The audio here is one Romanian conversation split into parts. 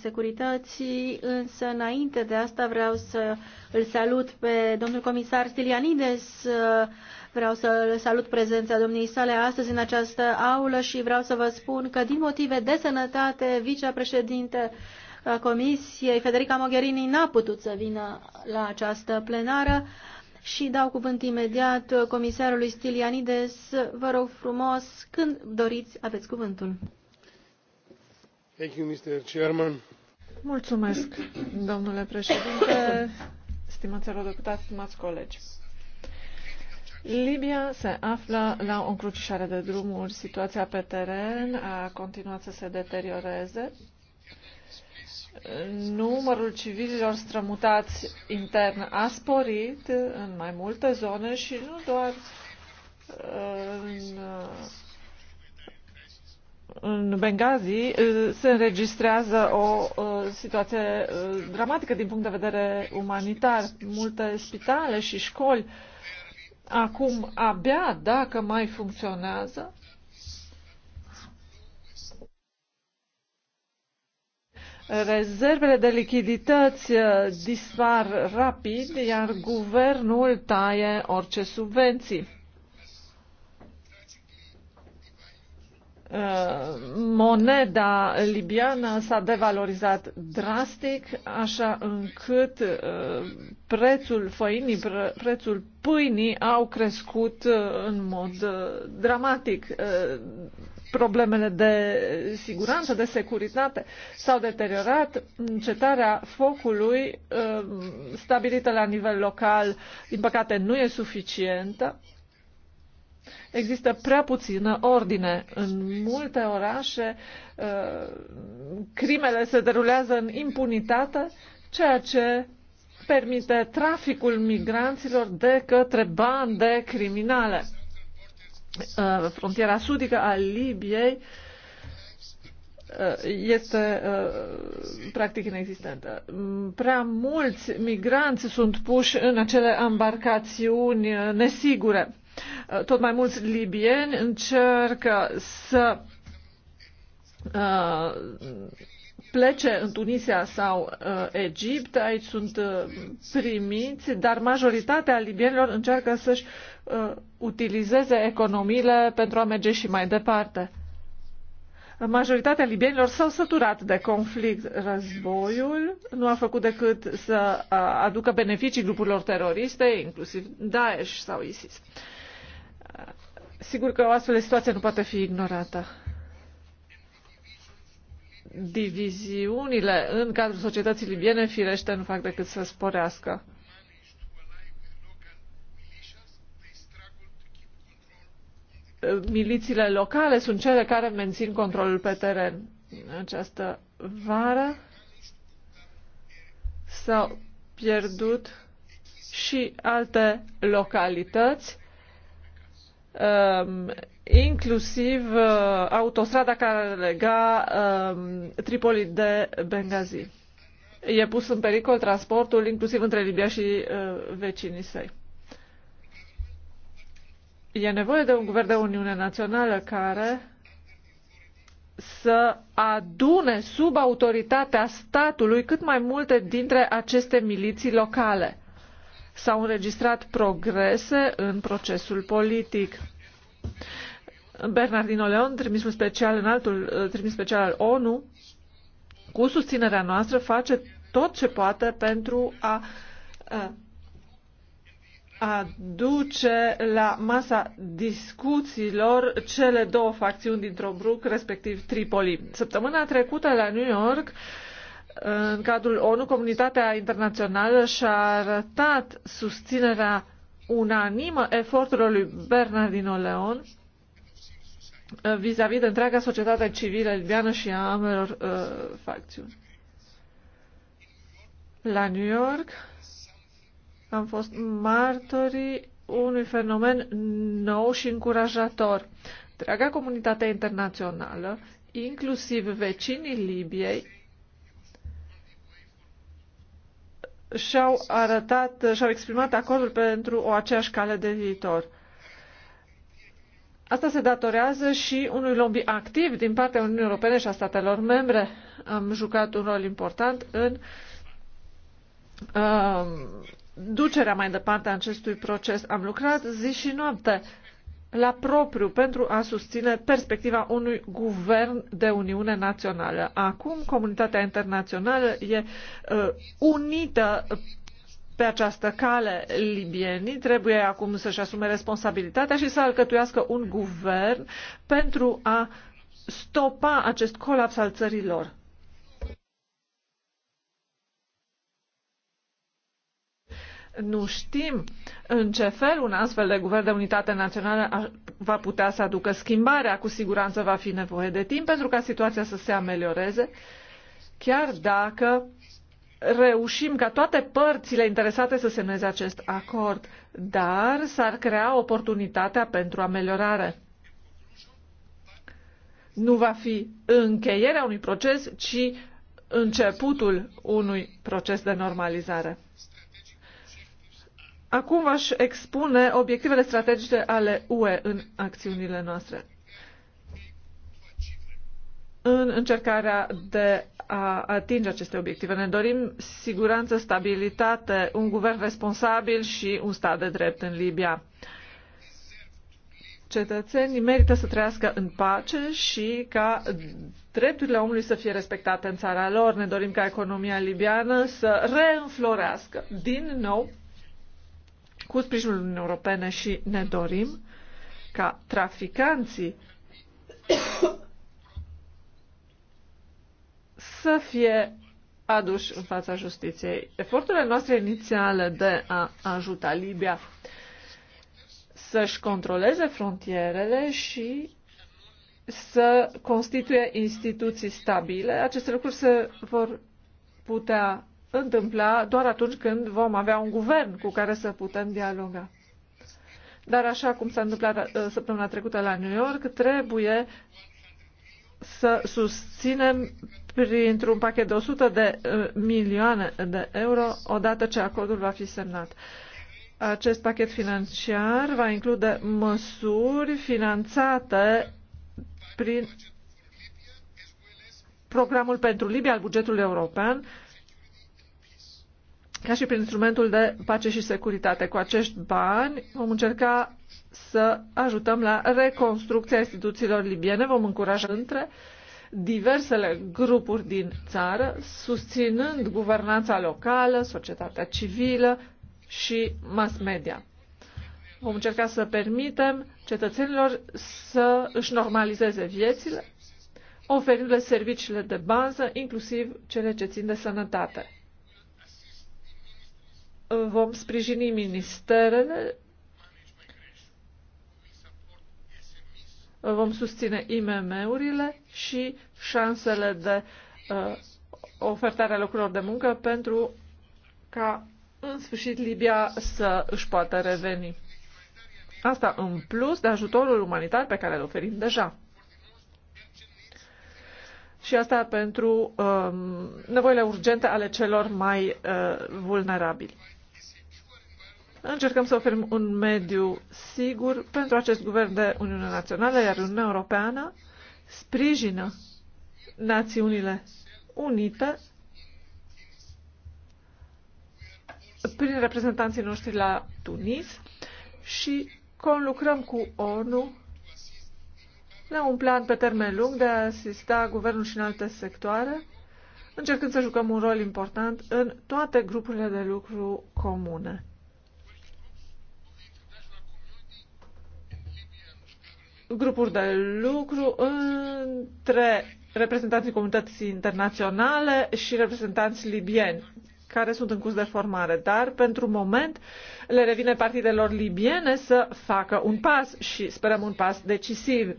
securității, însă înainte de asta vreau să îl salut pe domnul comisar Stilianides, vreau să îl salut prezența domniei sale astăzi în această aulă și vreau să vă spun că din motive de sănătate, vicepreședinte Comisiei, Federica Mogherini n-a putut să vină la această plenară și dau cuvânt imediat comisarului Stilianides. Vă rog frumos, când doriți, aveți cuvântul. Mulțumesc, domnule președinte, stimați eurodeputați, stimați colegi. Libia se află la o încrucișare de drumuri. Situația pe teren a continuat să se deterioreze. Numărul civililor strămutați intern a sporit în mai multe zone și nu doar uh, în uh, în Benghazi uh, se înregistrează o uh, situație uh, dramatică din punct de vedere umanitar. Multe spitale și școli acum abia dacă mai funcționează. Rezervele de lichidități dispar rapid, iar guvernul taie orice subvenții. Uh, moneda libiană s-a devalorizat drastic, așa încât uh, prețul făinii, prețul pâinii au crescut uh, în mod dramatic. Problemele de siguranță, de securitate s-au deteriorat. Încetarea focului stabilită la nivel local, din păcate, nu e suficientă Există prea puțină ordine. În multe orașe, uh, crimele se derulează în impunitate, ceea ce permite traficul migranților de către bande criminale. Uh, frontiera sudică a Libiei uh, este practic inexistentă. Mm, prea mulți migranți sunt puși în acele embarcațiuni nesigure. Eh, tot mai mulți libieni încercă să eh, plece în Tunisia sau eh, Egipt, aici sunt primiți, dar majoritatea libienilor încearcă să-și utilizeze economiile pentru a merge și mai departe. Majoritatea libienilor s-au săturat de conflict. Războiul nu a făcut decât să aducă beneficii grupurilor teroriste, inclusiv Daesh sau ISIS. Uh, Sigur că o astfel de situație nu poate fi ignorată. Diviziunile în cadrul societății libiene, firește, nu fac decât să sporească. Milițiile locale sunt cele care mențin controlul pe teren. Această vară s-au pierdut și alte localități Um, inclusiv uh, autostrada care lega um, Tripoli de Benghazi. E pus în pericol transportul inclusiv între Libia și uh, vecinii săi. E nevoie de un guvern de Uniune Națională care să adune sub autoritatea statului cât mai multe dintre aceste miliții locale S-au înregistrat progrese în procesul politic. Bernardino Leon, trimisul special, în altul uh, trimis special al ONU, cu susținerea noastră, face tot ce poate pentru a, a aduce la masa discuțiilor cele două facțiuni dintr-o bruc, respectiv Tripoli. Săptămâna trecută la New York, uh, în cadrul ONU, comunitatea internațională și-a arătat susținerea unanimă eforturilor lui Bernardino Leon uh, vis-a-vis -vis de întreaga societate civilă libiană și a ambelor uh, facțiuni. La New York am fost martorii unui fenomen nou și încurajator. Întreaga comunitate internațională, inclusiv vecinii Libiei, și-au arătat, și-au exprimat acordul pentru o aceeași cale de viitor. Asta se datorează și unui lobby activ din partea Uniunii Europene și a statelor membre. Am jucat un rol important în uh, ducerea mai departe a acestui proces. Am lucrat zi și noapte la propriu pentru a susține perspectiva unui guvern de Uniune Națională. Acum comunitatea internațională e uh, unită pe această cale libienii trebuie acum să-și asume responsabilitatea și să alcătuiască un guvern pentru a stopa acest colaps al țărilor. nu știm în ce fel un astfel de guvern de unitate națională va putea să aducă schimbarea. Cu siguranță va fi nevoie de timp pentru ca situația să se amelioreze, chiar dacă reușim ca toate părțile interesate să semneze acest acord, dar s-ar crea oportunitatea pentru ameliorare. Nu va fi încheierea unui proces, ci începutul unui proces de normalizare. Acum v-aș expune obiectivele strategice ale UE în acțiunile noastre. În încercarea de a atinge aceste obiective, ne dorim siguranță, stabilitate, un guvern responsabil și un stat de drept în Libia. Cetățenii merită să trăiască în pace și ca drepturile omului să fie respectate în țara lor. Ne dorim ca economia libiană să reînflorească din nou cu sprijinul Uniunii Europene și ne dorim ca traficanții să fie aduși în fața justiției. Eforturile noastre inițiale de a ajuta Libia să-și controleze frontierele și să constituie instituții stabile, aceste lucruri se vor putea întâmpla doar atunci când vom avea un guvern cu care să putem dialoga. Dar așa cum s-a întâmplat uh, săptămâna trecută la New York, trebuie să susținem printr-un pachet de 100 de uh, milioane de euro odată ce acordul va fi semnat. Acest pachet financiar va include măsuri finanțate prin programul pentru Libia al bugetului european, ca și prin instrumentul de pace și securitate. Cu acești bani vom încerca să ajutăm la reconstrucția instituțiilor libiene, vom încuraja între diversele grupuri din țară, susținând guvernanța locală, societatea civilă și mass media. Vom încerca să permitem cetățenilor să își normalizeze viețile, oferindu-le serviciile de bază, inclusiv cele ce țin de sănătate vom sprijini ministerele, vom susține IMM-urile și șansele de uh, ofertare a locurilor de muncă pentru ca în sfârșit Libia să își poată reveni. Asta în plus de ajutorul umanitar pe care îl oferim deja. Și asta pentru um, nevoile urgente ale celor mai uh, vulnerabili. Încercăm să oferim un mediu sigur pentru acest guvern de Uniune Națională, iar Uniunea Europeană sprijină Națiunile Unite prin reprezentanții noștri la Tunis și conlucrăm cu ONU la un plan pe termen lung de a asista guvernul și în alte sectoare, încercând să jucăm un rol important în toate grupurile de lucru comune. grupuri de lucru între reprezentanții comunității internaționale și reprezentanți libieni care sunt în curs de formare, dar pentru moment le revine partidelor libiene să facă un pas și sperăm un pas decisiv,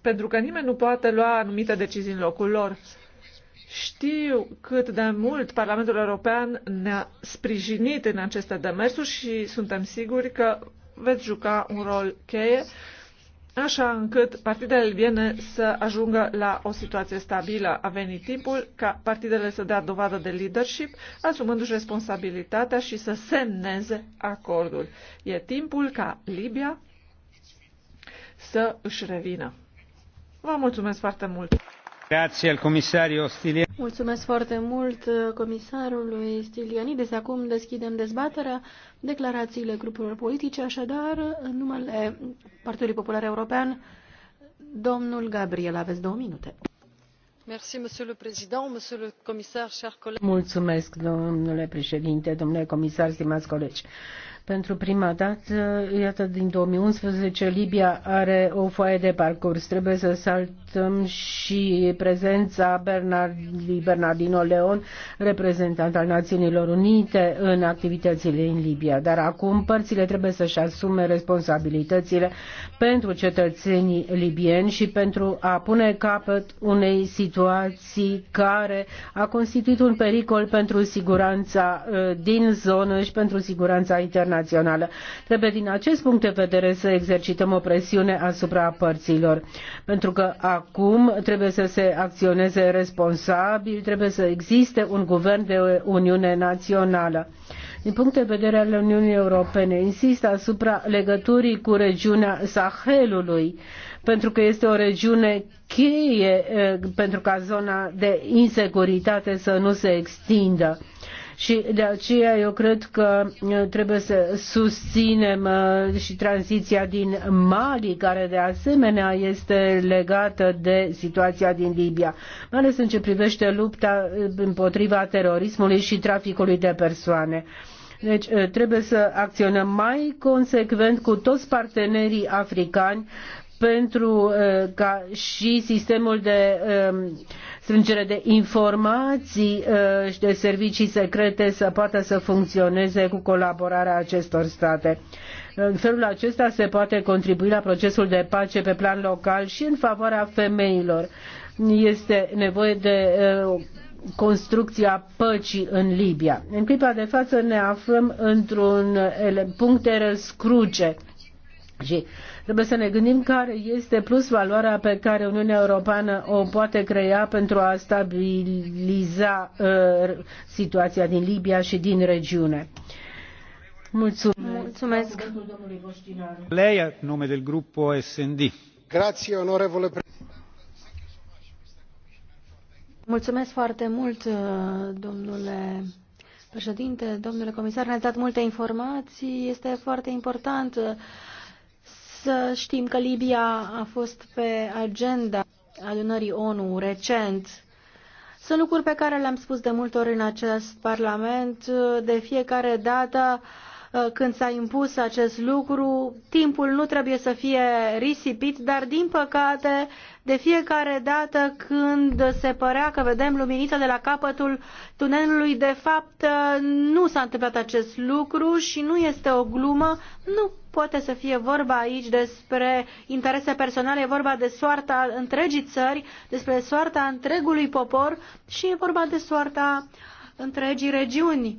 pentru că nimeni nu poate lua anumite decizii în locul lor. Știu cât de mult Parlamentul European ne-a sprijinit în aceste demersuri și suntem siguri că veți juca un rol cheie așa încât partidele libiene să ajungă la o situație stabilă. A venit timpul ca partidele să dea dovadă de leadership, asumându-și responsabilitatea și să semneze acordul. E timpul ca Libia să își revină. Vă mulțumesc foarte mult! Mulțumesc foarte mult uh, comisarului Stilianides. Acum deschidem dezbaterea, declarațiile grupurilor politice, așadar, în numele Partidului Popular European, domnul Gabriel, aveți două minute. Mulțumesc, domnule președinte, domnule comisar, stimați colegi pentru prima dată, iată, din 2011, Libia are o foaie de parcurs. Trebuie să saltăm și prezența Bernardi, Bernardino Leon, reprezentant al Națiunilor Unite, în activitățile în Libia. Dar acum părțile trebuie să-și asume responsabilitățile pentru cetățenii libieni și pentru a pune capăt unei situații care a constituit un pericol pentru siguranța uh, din zonă și pentru siguranța internațională internațională. Trebuie din acest punct de vedere să exercităm o presiune asupra părților, pentru că acum trebuie să se acționeze responsabil, trebuie să existe un guvern de Uniune Națională. Din punct de vedere al Uniunii Europene, insist asupra legăturii cu regiunea Sahelului, pentru că este o regiune cheie eh, pentru ca zona de insecuritate să nu se extindă și de aceea eu cred că uh, trebuie să susținem uh, și tranziția din Mali, care de asemenea este legată de situația din Libia, mai ales în ce privește lupta uh, împotriva terorismului și traficului de persoane. Deci trebuie să acționăm mai consecvent cu toți partenerii africani pentru ca și sistemul de um, strângere de informații uh, și de servicii secrete să poată să funcționeze cu colaborarea acestor state. În felul acesta se poate contribui la procesul de pace pe plan local și în favoarea femeilor. Este nevoie de uh, construcția păcii în Libia. În clipa de față ne aflăm într-un punct de răscruce și Trebuie să ne gândim care este plus valoarea pe care Uniunea Europeană o poate crea pentru a stabiliza uh, situația din Libia și din regiune. Mulțumesc. Mulțumesc. Lei, nume del gruppo SND. Grazie, onorevole Mulțumesc foarte mult, uh, domnule președinte, domnule comisar, ne-ați dat multe informații. Este foarte important uh, să știm că Libia a fost pe agenda adunării ONU recent. Sunt lucruri pe care le-am spus de multe ori în acest Parlament. De fiecare dată uh, când s-a impus acest lucru, timpul nu trebuie să fie risipit, dar din păcate de fiecare dată când se părea că vedem luminița de la capătul tunelului, de fapt nu s-a întâmplat acest lucru și nu este o glumă, nu poate să fie vorba aici despre interese personale, e vorba de soarta întregii țări, despre soarta întregului popor și e vorba de soarta întregii regiuni.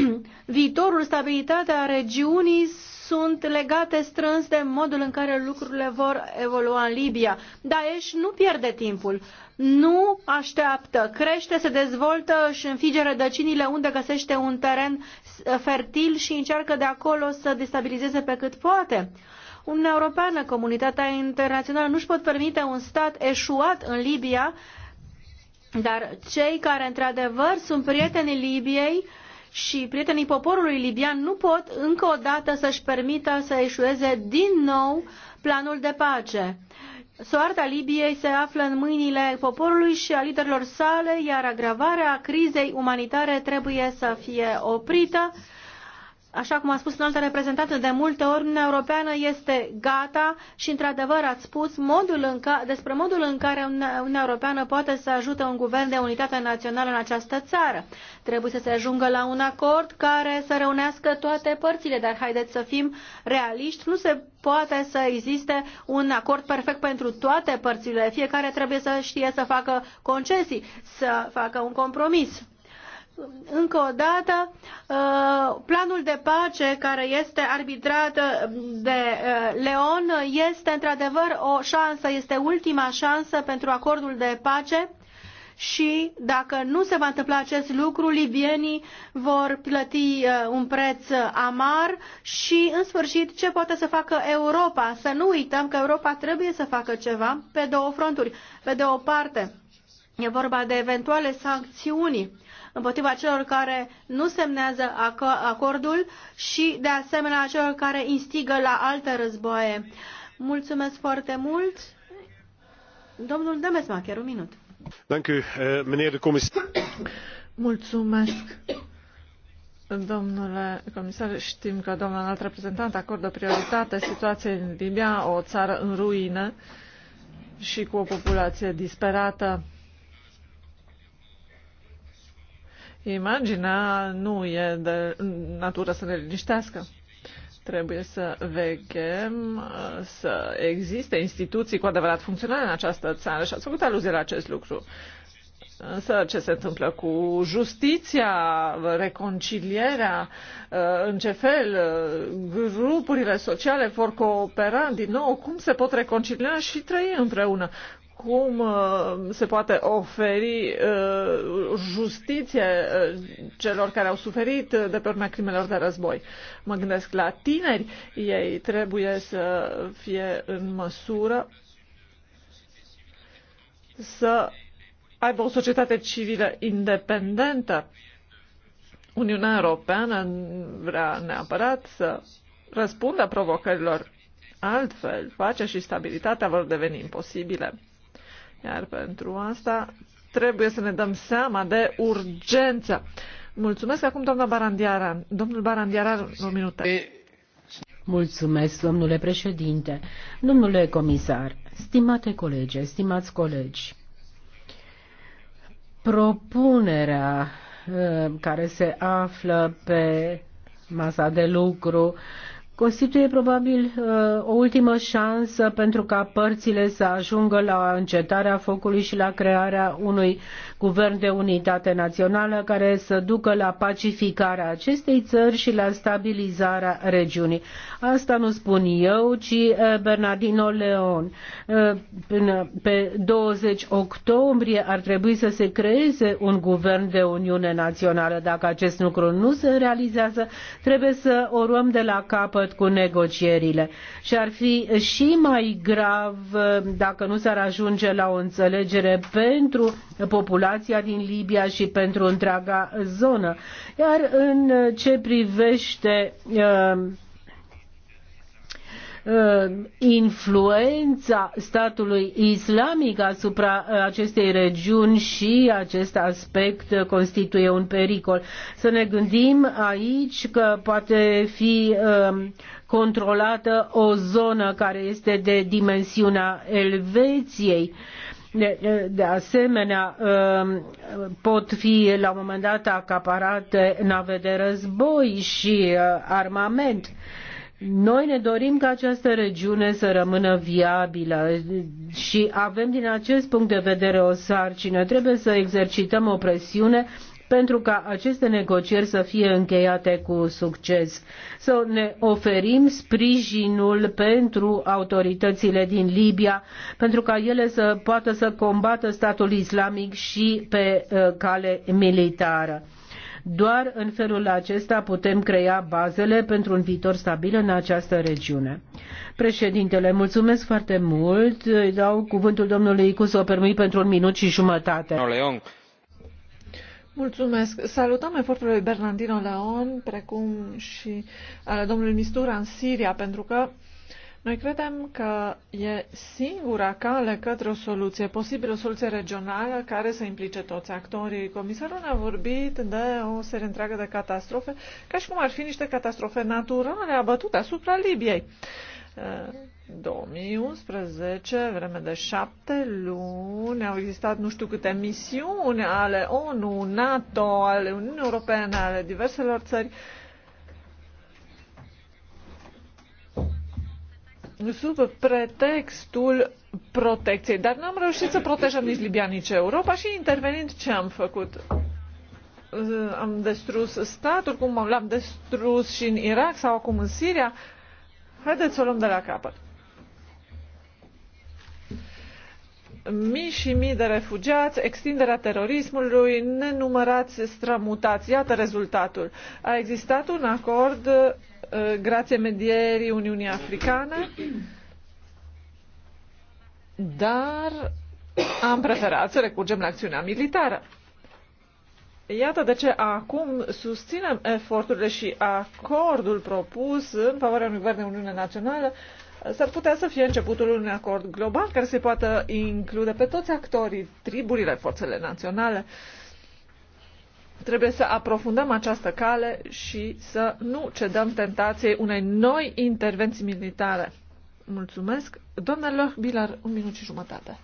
Viitorul, stabilitatea regiunii sunt legate strâns de modul în care lucrurile vor evolua în Libia. Daesh nu pierde timpul, nu așteaptă, crește, se dezvoltă, își înfige rădăcinile unde găsește un teren fertil și încearcă de acolo să destabilizeze pe cât poate. Uniunea Europeană, comunitatea internațională nu-și pot permite un stat eșuat în Libia, dar cei care într-adevăr sunt prietenii Libiei și prietenii poporului libian nu pot încă o dată să-și permită să eșueze din nou planul de pace. Soarta Libiei se află în mâinile poporului și a liderilor sale, iar agravarea crizei umanitare trebuie să fie oprită așa cum a spus un alt reprezentant, de multe ori Uniunea Europeană este gata și, într-adevăr, ați spus modul în ca, despre modul în care Uniunea Europeană poate să ajute un guvern de unitate națională în această țară. Trebuie să se ajungă la un acord care să reunească toate părțile, dar haideți să fim realiști, nu se poate să existe un acord perfect pentru toate părțile. Fiecare trebuie să știe să facă concesii, să facă un compromis încă o dată uh, planul de pace care este arbitrat uh, de uh, Leon este într-adevăr o șansă, este ultima șansă pentru acordul de pace și dacă nu se va întâmpla acest lucru, libienii vor plăti un preț amar și, în sfârșit, ce poate să facă Europa? Să nu uităm că Europa trebuie să facă ceva pe două fronturi. Pe de o parte, e vorba de eventuale sancțiuni împotriva celor care nu semnează acordul și de asemenea celor care instigă la alte războaie. Mulțumesc foarte mult. Domnul Demesmacher, un minut. Eh, Mulțumesc. Domnule comisar, știm că domnul înalt reprezentant acordă prioritate situației în Libia, o țară în ruină și cu o populație disperată. Imaginea nu e de natură să ne liniștească. Trebuie să vegem să existe instituții cu adevărat funcționale în această țară și ați făcut aluzie la acest lucru. Însă ce se întâmplă cu justiția, reconcilierea, în ce fel grupurile sociale vor coopera din nou, cum se pot reconcilia și trăi împreună, cum uh, se poate oferi uh, justiție uh, celor care au suferit de pe urma crimelor de război. Mă gândesc la tineri, ei trebuie să fie în măsură să aibă o societate civilă independentă. Uniunea Europeană vrea neapărat să răspundă provocărilor altfel, pacea și stabilitatea vor deveni imposibile. Iar pentru asta trebuie să ne dăm seama de urgență. Mulțumesc acum, doamna Barandiara. Domnul Barandiara, o minută. Mulțumesc, domnule președinte, domnule comisar, stimate colege, stimați colegi. Propunerea eh, care se află pe masa de lucru constituie probabil uh, o ultimă șansă pentru ca părțile să ajungă la încetarea focului și la crearea unui guvern de unitate națională care să ducă la pacificarea acestei țări și la stabilizarea regiunii. Asta nu spun eu, ci uh, Bernardino Leon. Uh, până pe 20 octombrie ar trebui să se creeze un guvern de Uniune Națională. Dacă acest lucru nu se realizează, trebuie să o luăm de la capăt capăt cu negocierile. Și ar fi și mai grav uh, dacă nu s-ar ajunge la o înțelegere pentru populația din Libia și pentru întreaga zonă. Iar în ce privește uh, Uh, influența statului islamic asupra uh, acestei regiuni și acest aspect constituie un pericol. Să ne gândim aici că poate fi um, controlată o zonă care este de dimensiunea Elveției. De asemenea, um, pot fi la un moment dat acaparate nave de război și uh, armament. Noi ne dorim ca această regiune să rămână viabilă și avem din acest punct de vedere o sarcină. Trebuie să exercităm o presiune pentru ca aceste negocieri să fie încheiate cu succes. Să ne oferim sprijinul pentru autoritățile din Libia, pentru ca ele să poată să combată statul islamic și pe uh, cale militară. Doar în felul acesta putem crea bazele pentru un viitor stabil în această regiune. Președintele, mulțumesc foarte mult. Îi dau cuvântul domnului o Permui pentru un minut și jumătate. Leon. Mulțumesc. Salutăm efortul lui Bernardino Leon, precum și ale domnului Mistura în Siria, pentru că noi credem că e singura cale către o soluție posibilă, o soluție regională care să implice toți actorii. Comisarul ne-a vorbit de o serie întreagă de catastrofe, ca și cum ar fi niște catastrofe naturale abătute asupra Libiei. 2011, uh, vreme de șapte luni, au existat nu știu câte misiuni ale ONU, NATO, ale Uniunii Europene, ale diverselor țări sub pretextul protecției. Dar n-am reușit să protejăm nici Libia, nici Europa și intervenind ce am făcut? Uh, am destrus statul, cum l-am destrus și în Irak sau acum în Siria? Haideți să o luăm de la capăt. mii și mii de refugiați, extinderea terorismului, nenumărați strămutați. Iată rezultatul. A existat un acord Eh, grație medierii Uniunii Africane, dar am preferat să recurgem la acțiunea militară. Iată de ce acum susținem eforturile și acordul propus în favoarea unui guvern de Uniune Națională s-ar putea să fie începutul unui acord global care se poată include pe toți actorii, triburile, forțele naționale, uh, Trebuie să aprofundăm această cale și să nu cedăm tentației unei noi intervenții militare. Mulțumesc. domnule Bilar, un minut și jumătate.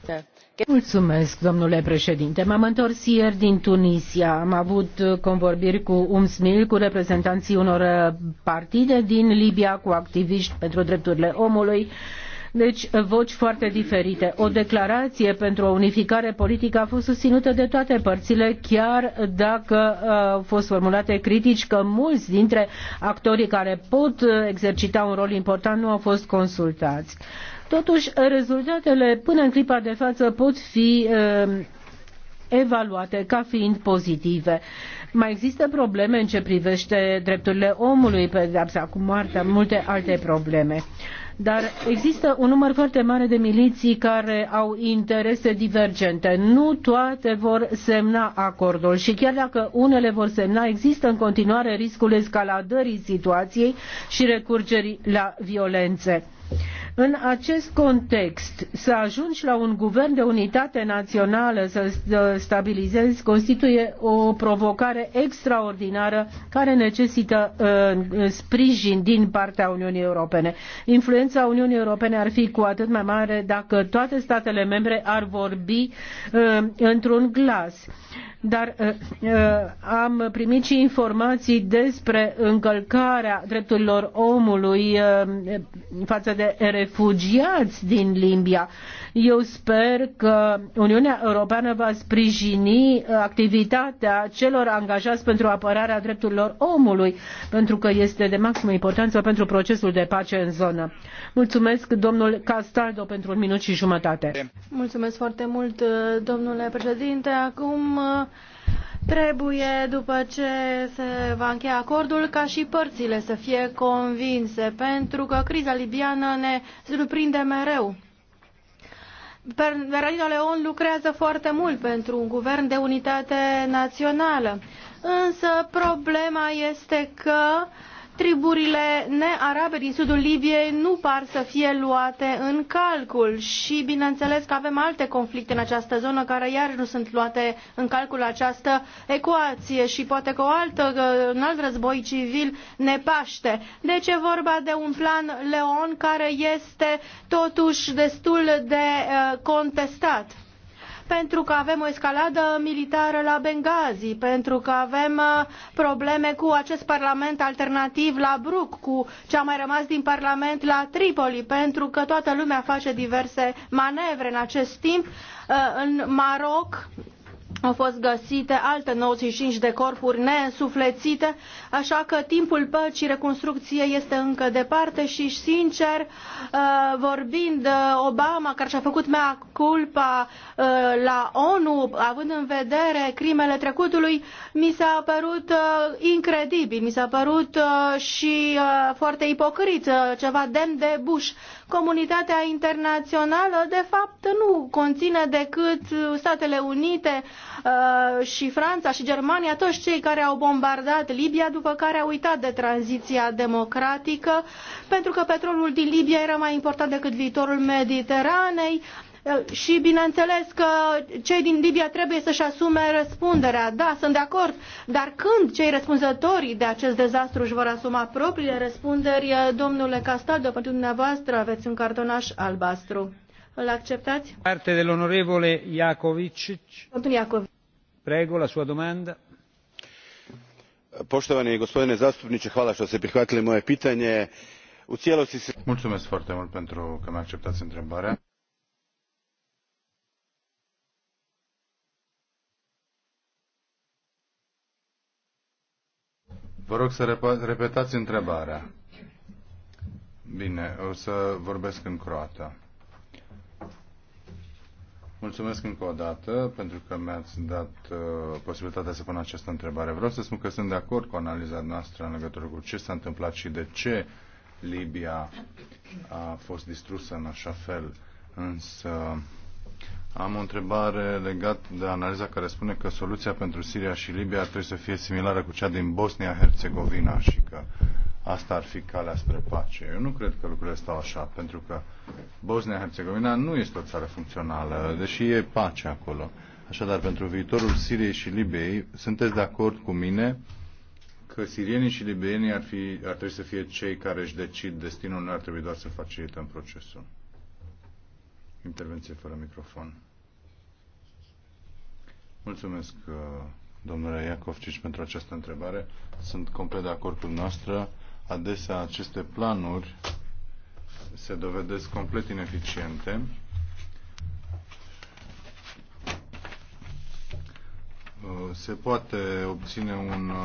Mulțumesc, domnule președinte. M-am întors ieri din Tunisia. Am avut convorbiri cu UMSMIL, cu reprezentanții unor partide din Libia, cu activiști pentru drepturile omului deci uh, voci foarte diferite. O declarație pentru o unificare politică a fost susținută de toate părțile, chiar dacă uh, au fost formulate critici că mulți dintre actorii care pot uh, exercita un rol important nu au fost consultați. Totuși, rezultatele până în clipa de față pot fi evaluate ca fiind pozitive. Mai există probleme în ce privește drepturile omului, pedepsa cu moartea, multe alte probleme. Dar există un număr foarte mare de miliții care au interese divergente. Nu toate vor semna acordul și chiar dacă unele vor semna, există în continuare riscul escaladării situației și recurgerii la violențe. În acest context, să ajungi la un guvern de unitate națională, să stabilizezi, constituie o provocare extraordinară care necesită uh, sprijin din partea Uniunii Europene. Influența Uniunii Europene ar fi cu atât mai mare dacă toate statele membre ar vorbi uh, într-un glas. Dar uh, uh, am primit și informații despre încălcarea drepturilor omului uh, față de refugiați din Libia. Eu sper că Uniunea Europeană va sprijini activitatea celor angajați pentru apărarea drepturilor omului, pentru că este de maximă importanță pentru procesul de pace în zonă. Mulțumesc, domnul Castaldo, pentru un minut și jumătate. Mulțumesc foarte mult, domnule președinte. Acum Trebuie, după ce se va încheia acordul, ca și părțile să fie convinse, pentru că criza libiană ne surprinde mereu. Bernardino Leon lucrează foarte mult pentru un guvern de unitate națională, însă problema este că uh, triburile nearabe din sudul Libiei nu par să fie luate în calcul și bineînțeles că avem alte conflicte în această zonă care iar nu sunt luate în calcul această ecuație și poate că o altă, un alt război civil ne paște. Deci e vorba de un plan Leon care este totuși destul de eh, contestat pentru că avem o escaladă militară la Benghazi, pentru că avem uh, probleme cu acest parlament alternativ la Bruc, cu ce a mai rămas din parlament la Tripoli, pentru că toată lumea face diverse manevre în acest timp uh, în Maroc au fost găsite alte 95 de corpuri nesuflețite, așa că timpul păcii reconstrucției este încă departe și, sincer, uh, vorbind uh, Obama, care și-a făcut mea culpa uh, la ONU, având în vedere crimele trecutului, mi s-a părut incredibil, mi s-a părut și foarte ipocrit, ceva demn de Bush comunitatea internațională de fapt nu conține decât Statele Unite uh, și Franța și Germania, toți cei care au bombardat Libia, după care au uitat de tranziția democratică, pentru că petrolul din Libia era mai important decât viitorul Mediteranei. Ă, și bineînțeles că cei din Libia trebuie să-și asume răspunderea. Da, sunt de acord, dar când cei răspunzători de acest dezastru își vor asuma propriile răspunderi, ă, domnule Castal, pentru dumneavoastră aveți un cartonaș albastru. Îl acceptați? Parte de l'onorevole Iacovic. Domnul Iacovic. Prego, la sua domanda. Poštovani gospodine zastupnice, hvala što ste prihvatili moje pitanje. U cijelosti se... Mulțumesc foarte mult pentru că mi-a acceptat întrebarea. Vă rog să repetați întrebarea. Bine, o să vorbesc în croată. Mulțumesc încă o dată pentru că mi-ați dat uh, posibilitatea să pun această întrebare. Vreau să spun că sunt de acord cu analiza noastră în legătură cu ce s-a întâmplat și de ce Libia a fost distrusă în așa fel. Însă am o întrebare legată de analiza care spune că soluția pentru Siria și Libia trebuie să fie similară cu cea din Bosnia-Herzegovina și că asta ar fi calea spre pace. Eu nu cred că lucrurile stau așa, pentru că Bosnia-Herzegovina nu este o țară funcțională, deși e pace acolo. Așadar, pentru viitorul Siriei și Libiei, sunteți de acord cu mine că sirienii și libienii ar, fi, ar trebui să fie cei care își decid destinul, nu ar trebui doar să facilităm procesul. Intervenție fără microfon. Mulțumesc, uh, domnule Iacovcici, pentru această întrebare. Sunt complet de acord cu noastră. Adesea aceste planuri se dovedesc complet ineficiente. Uh, se poate obține un uh,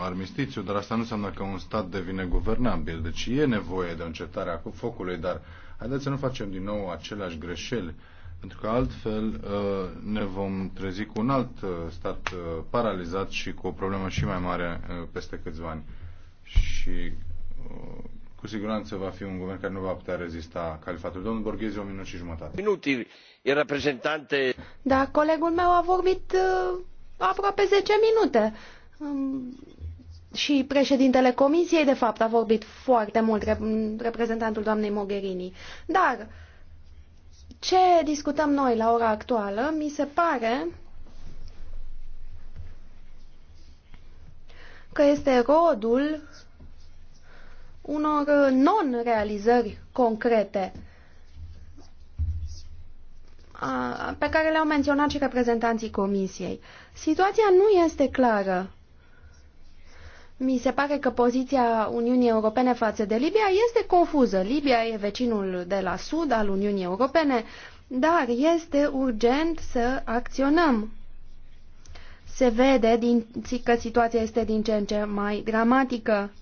armistițiu, dar asta nu înseamnă că un stat devine guvernabil. Deci e nevoie de încetarea focului, dar Haideți să nu facem din nou aceleași greșeli, pentru că altfel uh, ne vom trezi cu un alt uh, stat uh, paralizat și cu o problemă și mai mare peste câțiva ani. Și cu siguranță va fi un guvern care nu va putea rezista califatul. Domnul Borghezi, o minut și jumătate. Minuti, e reprezentante... Da, colegul meu a vorbit aproape 10 minute. Um, și președintele Comisiei, de fapt, a vorbit foarte mult reprezentantul doamnei Mogherini. Dar ce discutăm noi la ora actuală, mi se pare că este rodul unor non-realizări concrete pe care le-au menționat și reprezentanții Comisiei. Situația nu este clară mi se pare că poziția Uniunii Europene față de Libia este confuză. Libia e vecinul de la sud al Uniunii Europene, dar este urgent să acționăm. Se vede din, că situația este din ce în ce mai dramatică.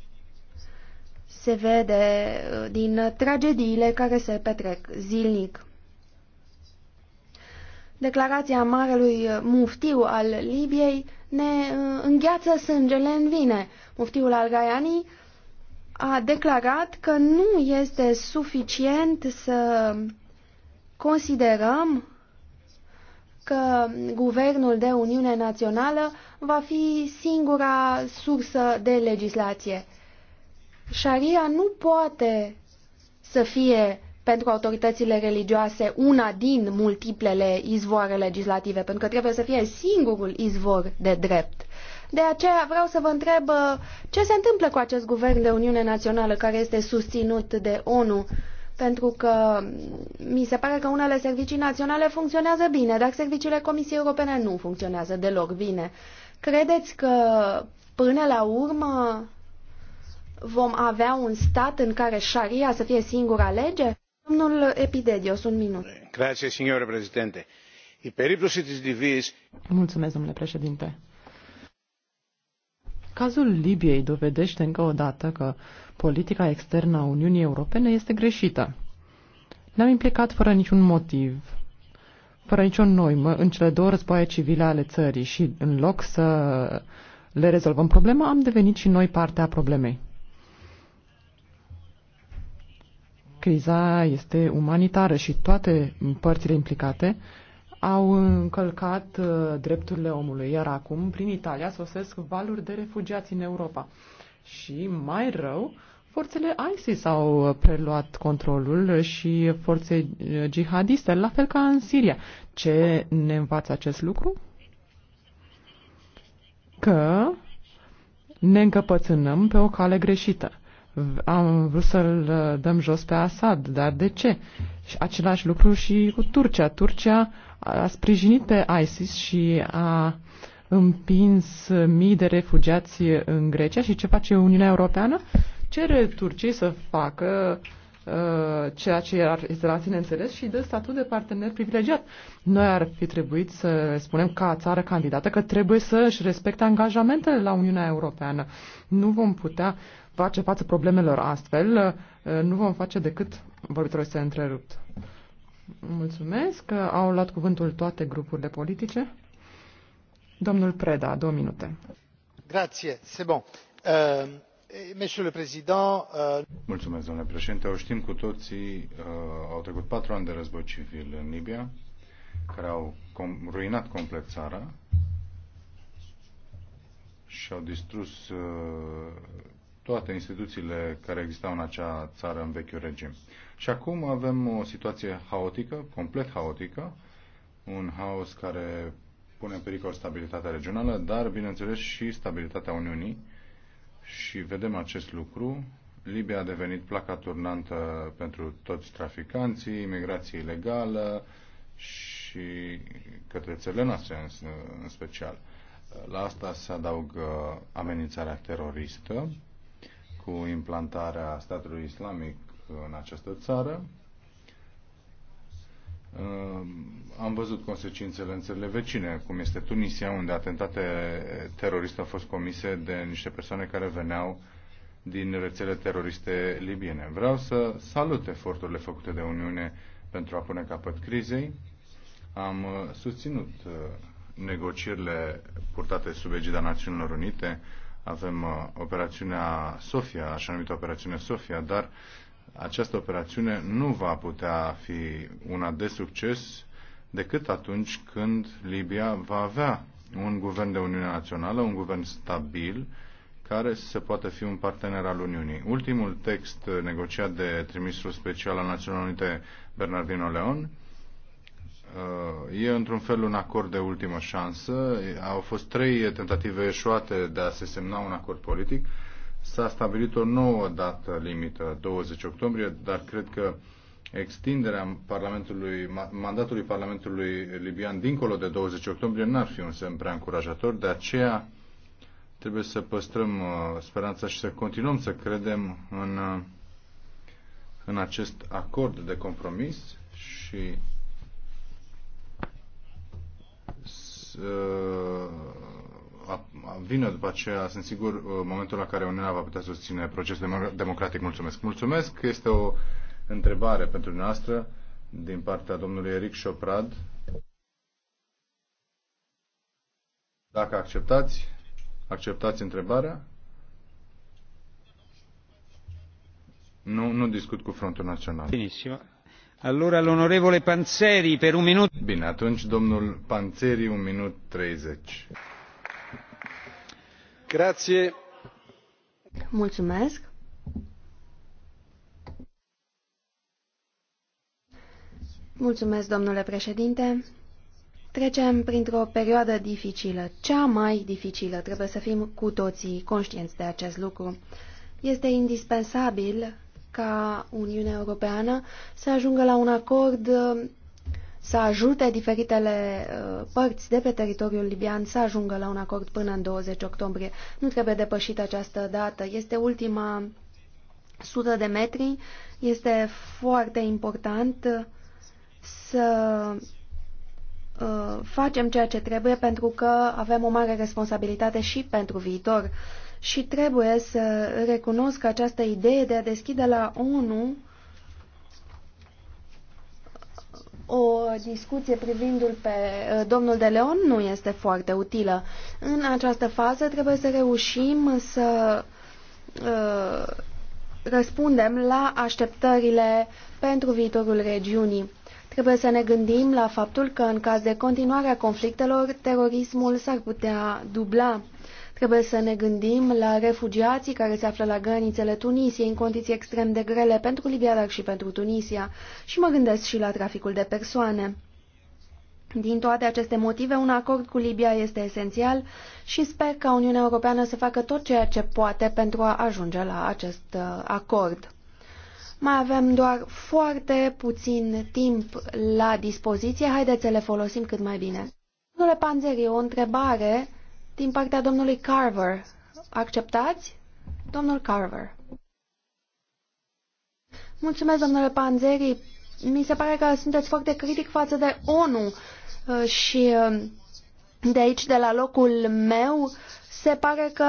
Se vede uh, din tragediile care se petrec zilnic. Declarația marelui uh, muftiu al Libiei ne uh, îngheață sângele în vine muftiul al Gaiani, a declarat că nu este suficient să considerăm că guvernul de Uniune Națională va fi singura sursă de legislație. Sharia nu poate să fie pentru autoritățile religioase una din multiplele izvoare legislative, pentru că trebuie să fie singurul izvor de drept. De aceea vreau să vă întreb uh, ce se întâmplă cu acest guvern de Uniune Națională care este susținut de ONU, pentru că mm, mi se pare că unele servicii naționale funcționează bine, dar serviciile Comisiei Europene nu funcționează deloc bine. Credeți că până la urmă vom avea un stat în care șaria să fie singura lege? Domnul Epidedios, un minut. Grazie, signore președinte. Mulțumesc, domnule președinte Cazul Libiei dovedește încă o dată că politica externă a Uniunii Europene este greșită. Ne-am implicat fără niciun motiv, fără nicio noimă, în cele două războaie civile ale țării și, în loc să le rezolvăm problema, am devenit și noi parte a problemei. Criza este umanitară și toate părțile implicate au încălcat uh, drepturile omului, iar acum, prin Italia, sosesc valuri de refugiați în Europa. Și mai rău, forțele ISIS au preluat controlul și forțe uh, jihadiste, la fel ca în Siria. Ce ne învață acest lucru? Că ne încăpățânăm pe o cale greșită. Am vrut să-l uh, dăm jos pe Assad, dar de ce? Același lucru și cu Turcia. Turcia uh, a sprijinit pe ISIS și a împins mii de refugiați în Grecia și ce face Uniunea Europeană? Cere Turciei să facă uh, ceea ce ar, este la sine înțeles și dă statut de partener privilegiat. Noi ar fi trebuit să spunem ca țară candidată că trebuie să își respecte angajamentele la Uniunea Europeană. Nu vom putea face față problemelor astfel, uh, nu vom face decât, vorbitorul este întrerupt. Mulțumesc că au luat cuvântul toate grupurile politice. Domnul Preda, două minute. Grație, se bon. Uh, le Président, uh... Mulțumesc, domnule președinte. O știm cu toții, uh, au trecut patru ani de război civil în Libia, care au com- ruinat complet țara și au distrus uh, toate instituțiile care existau în acea țară în vechiul regim. Și acum avem o situație haotică, complet haotică, un haos care pune în pericol stabilitatea regională, dar, bineînțeles, și stabilitatea Uniunii. Și vedem acest lucru. Libia a devenit placa turnantă pentru toți traficanții, imigrație ilegală și către țările noastre în special. La asta se adaugă amenințarea teroristă cu implantarea statului islamic în această țară. Uh, am văzut consecințele în țările vecine, cum este Tunisia, unde atentate teroriste au fost comise de niște persoane care veneau din rețele teroriste libiene. Vreau să salut eforturile făcute de Uniune pentru a pune capăt crizei. Am uh, susținut uh, negocierile purtate sub egida Națiunilor Unite avem uh, operațiunea Sofia, așa numită operațiune Sofia, dar această operațiune nu va putea fi una de succes decât atunci când Libia va avea un guvern de Uniune Națională, un guvern stabil, care să poată fi un partener al Uniunii. Ultimul text negociat de trimisul special al Națiunilor Unite Bernardino Leon Uh, e într-un fel un acord de ultimă șansă. Au fost trei tentative eșuate de a se semna un acord politic. S-a stabilit o nouă dată limită, 20 octombrie, dar cred că extinderea Parlamentului, mandatului Parlamentului libian dincolo de 20 octombrie n-ar fi un semn prea încurajator, de aceea trebuie să păstrăm uh, speranța și să continuăm să credem în, uh, în acest acord de compromis și Uh, vină după aceea, sunt sigur, uh, momentul la care Uniunea va putea susține procesul democratic. Mulțumesc. Mulțumesc. Este o întrebare pentru noastră din partea domnului Eric Șoprad. Dacă acceptați, acceptați întrebarea? Nu, nu discut cu Frontul Național. Benissimo. Allora l'onorevole Panzeri per un minut. Bine, atunci domnul Panzeri, un minut treizeci. Grazie. Mulțumesc. Mulțumesc, domnule președinte. Trecem printr-o perioadă dificilă, cea mai dificilă, trebuie să fim cu toții conștienți de acest lucru. Este indispensabil ca Uniunea Europeană să ajungă la un acord uh, să ajute diferitele uh, părți de pe teritoriul libian să ajungă la un acord până în 20 octombrie. Nu trebuie depășită această dată. Este ultima sută de metri. Este foarte important uh, să facem ceea ce trebuie pentru că avem o mare responsabilitate și pentru viitor și trebuie să recunosc că această idee de a deschide la ONU o discuție privindul pe uh, domnul de Leon nu este foarte utilă. În această fază trebuie să reușim să uh, răspundem la așteptările pentru viitorul regiunii. Trebuie să ne gândim la faptul că în caz de continuare a conflictelor, terorismul s-ar putea dubla. Trebuie să ne gândim la refugiații care se află la granițele Tunisiei în condiții extrem de grele pentru Libia, dar și pentru Tunisia. Și mă gândesc și la traficul de persoane. Din toate aceste motive, un acord cu Libia este esențial și sper ca Uniunea Europeană să facă tot ceea ce poate pentru a ajunge la acest uh, acord. Mai avem doar foarte puțin timp la dispoziție, haideți să le folosim cât mai bine. Domnule Panzeri, o întrebare din partea domnului Carver. Acceptați? Domnul Carver. Mulțumesc, domnule Panzeri. Mi se pare că sunteți foarte critic față de ONU uh, și uh, de aici, de la locul meu, se pare că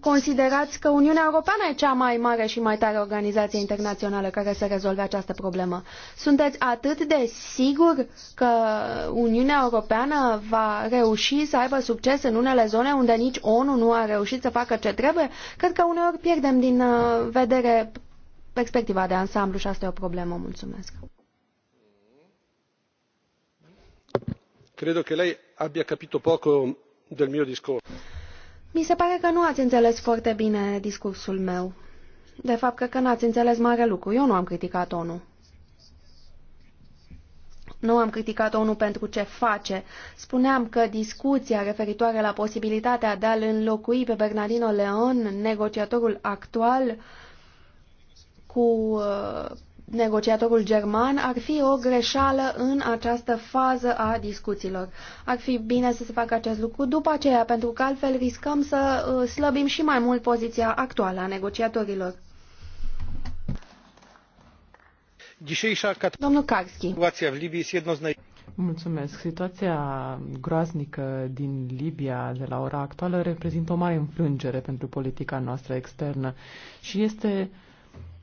considerați că Uniunea Europeană e cea mai mare și mai tare organizație internațională care să rezolve această problemă. Sunteți atât de sigur că Uniunea Europeană va reuși să aibă succes în unele zone unde nici ONU nu a reușit să facă ce trebuie? Cred că uneori pierdem din uh, vedere perspectiva de ansamblu și asta e o problemă. Mulțumesc. Cred că lei abbia capito poco del mio discorso. Mi se pare că nu ați înțeles foarte bine discursul meu. De fapt, cred că n-ați înțeles mare lucru. Eu nu am criticat ONU. Nu am criticat ONU pentru ce face. Spuneam că discuția referitoare la posibilitatea de a-l înlocui pe Bernardino Leon, negociatorul actual, cu uh, negociatorul german ar fi o greșeală în această fază a discuțiilor. Ar fi bine să se facă acest lucru după aceea, pentru că altfel riscăm să uh, slăbim și mai mult poziția actuală a negociatorilor. Domnul Karski. Mulțumesc. Situația groaznică din Libia de la ora actuală reprezintă o mare înfrângere pentru politica noastră externă și este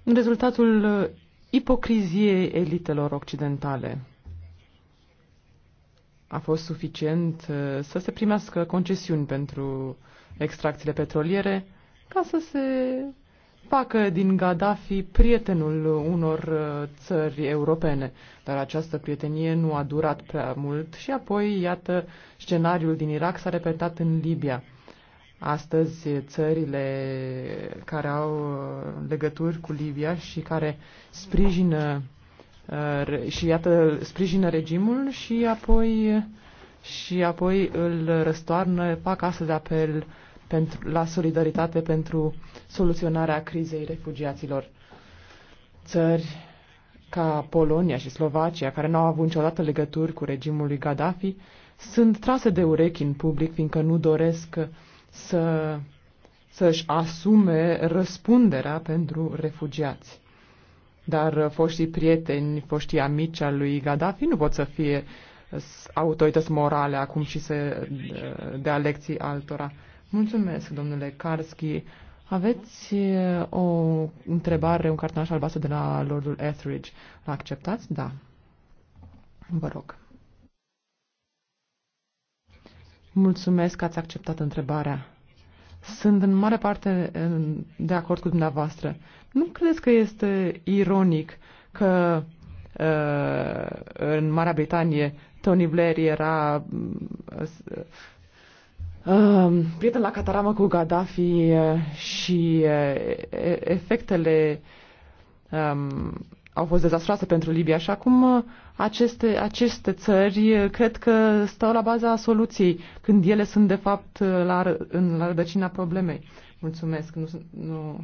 rezultatul ipocriziei elitelor occidentale. A fost suficient uh, să se primească concesiuni pentru extracțiile petroliere ca să se facă din Gaddafi prietenul unor uh, țări europene. Dar această prietenie nu a durat prea mult și apoi, iată, scenariul din Irak s-a repetat în Libia astăzi țările care au uh, legături cu Libia și care sprijină uh, și iată sprijină regimul și apoi și apoi îl răstoarnă, fac astfel de apel pentru, la solidaritate pentru soluționarea crizei refugiaților. Țări ca Polonia și Slovacia, care nu au avut niciodată legături cu regimul lui Gaddafi, sunt trase de urechi în public, fiindcă nu doresc uh, să, să-și asume răspunderea pentru refugiați. Dar foștii prieteni, foștii amici al lui Gaddafi nu pot să fie autorități morale acum și să dea lecții altora. Mulțumesc, domnule Karski. Aveți eh, o întrebare, un cartonaș albastru de la Lordul Etheridge. L-acceptați? Da. Vă rog. Mulțumesc că ați acceptat întrebarea. Sunt în mare parte de acord cu dumneavoastră. Nu credeți că este ironic că uh, în Marea Britanie Tony Blair era uh, uh, prieten la cataramă cu Gaddafi uh, și uh, efectele um, au fost dezastroase pentru Libia și acum uh, aceste, aceste țări cred că stau la baza soluției, când ele sunt de fapt la, în, la rădăcina problemei. Mulțumesc, nu, nu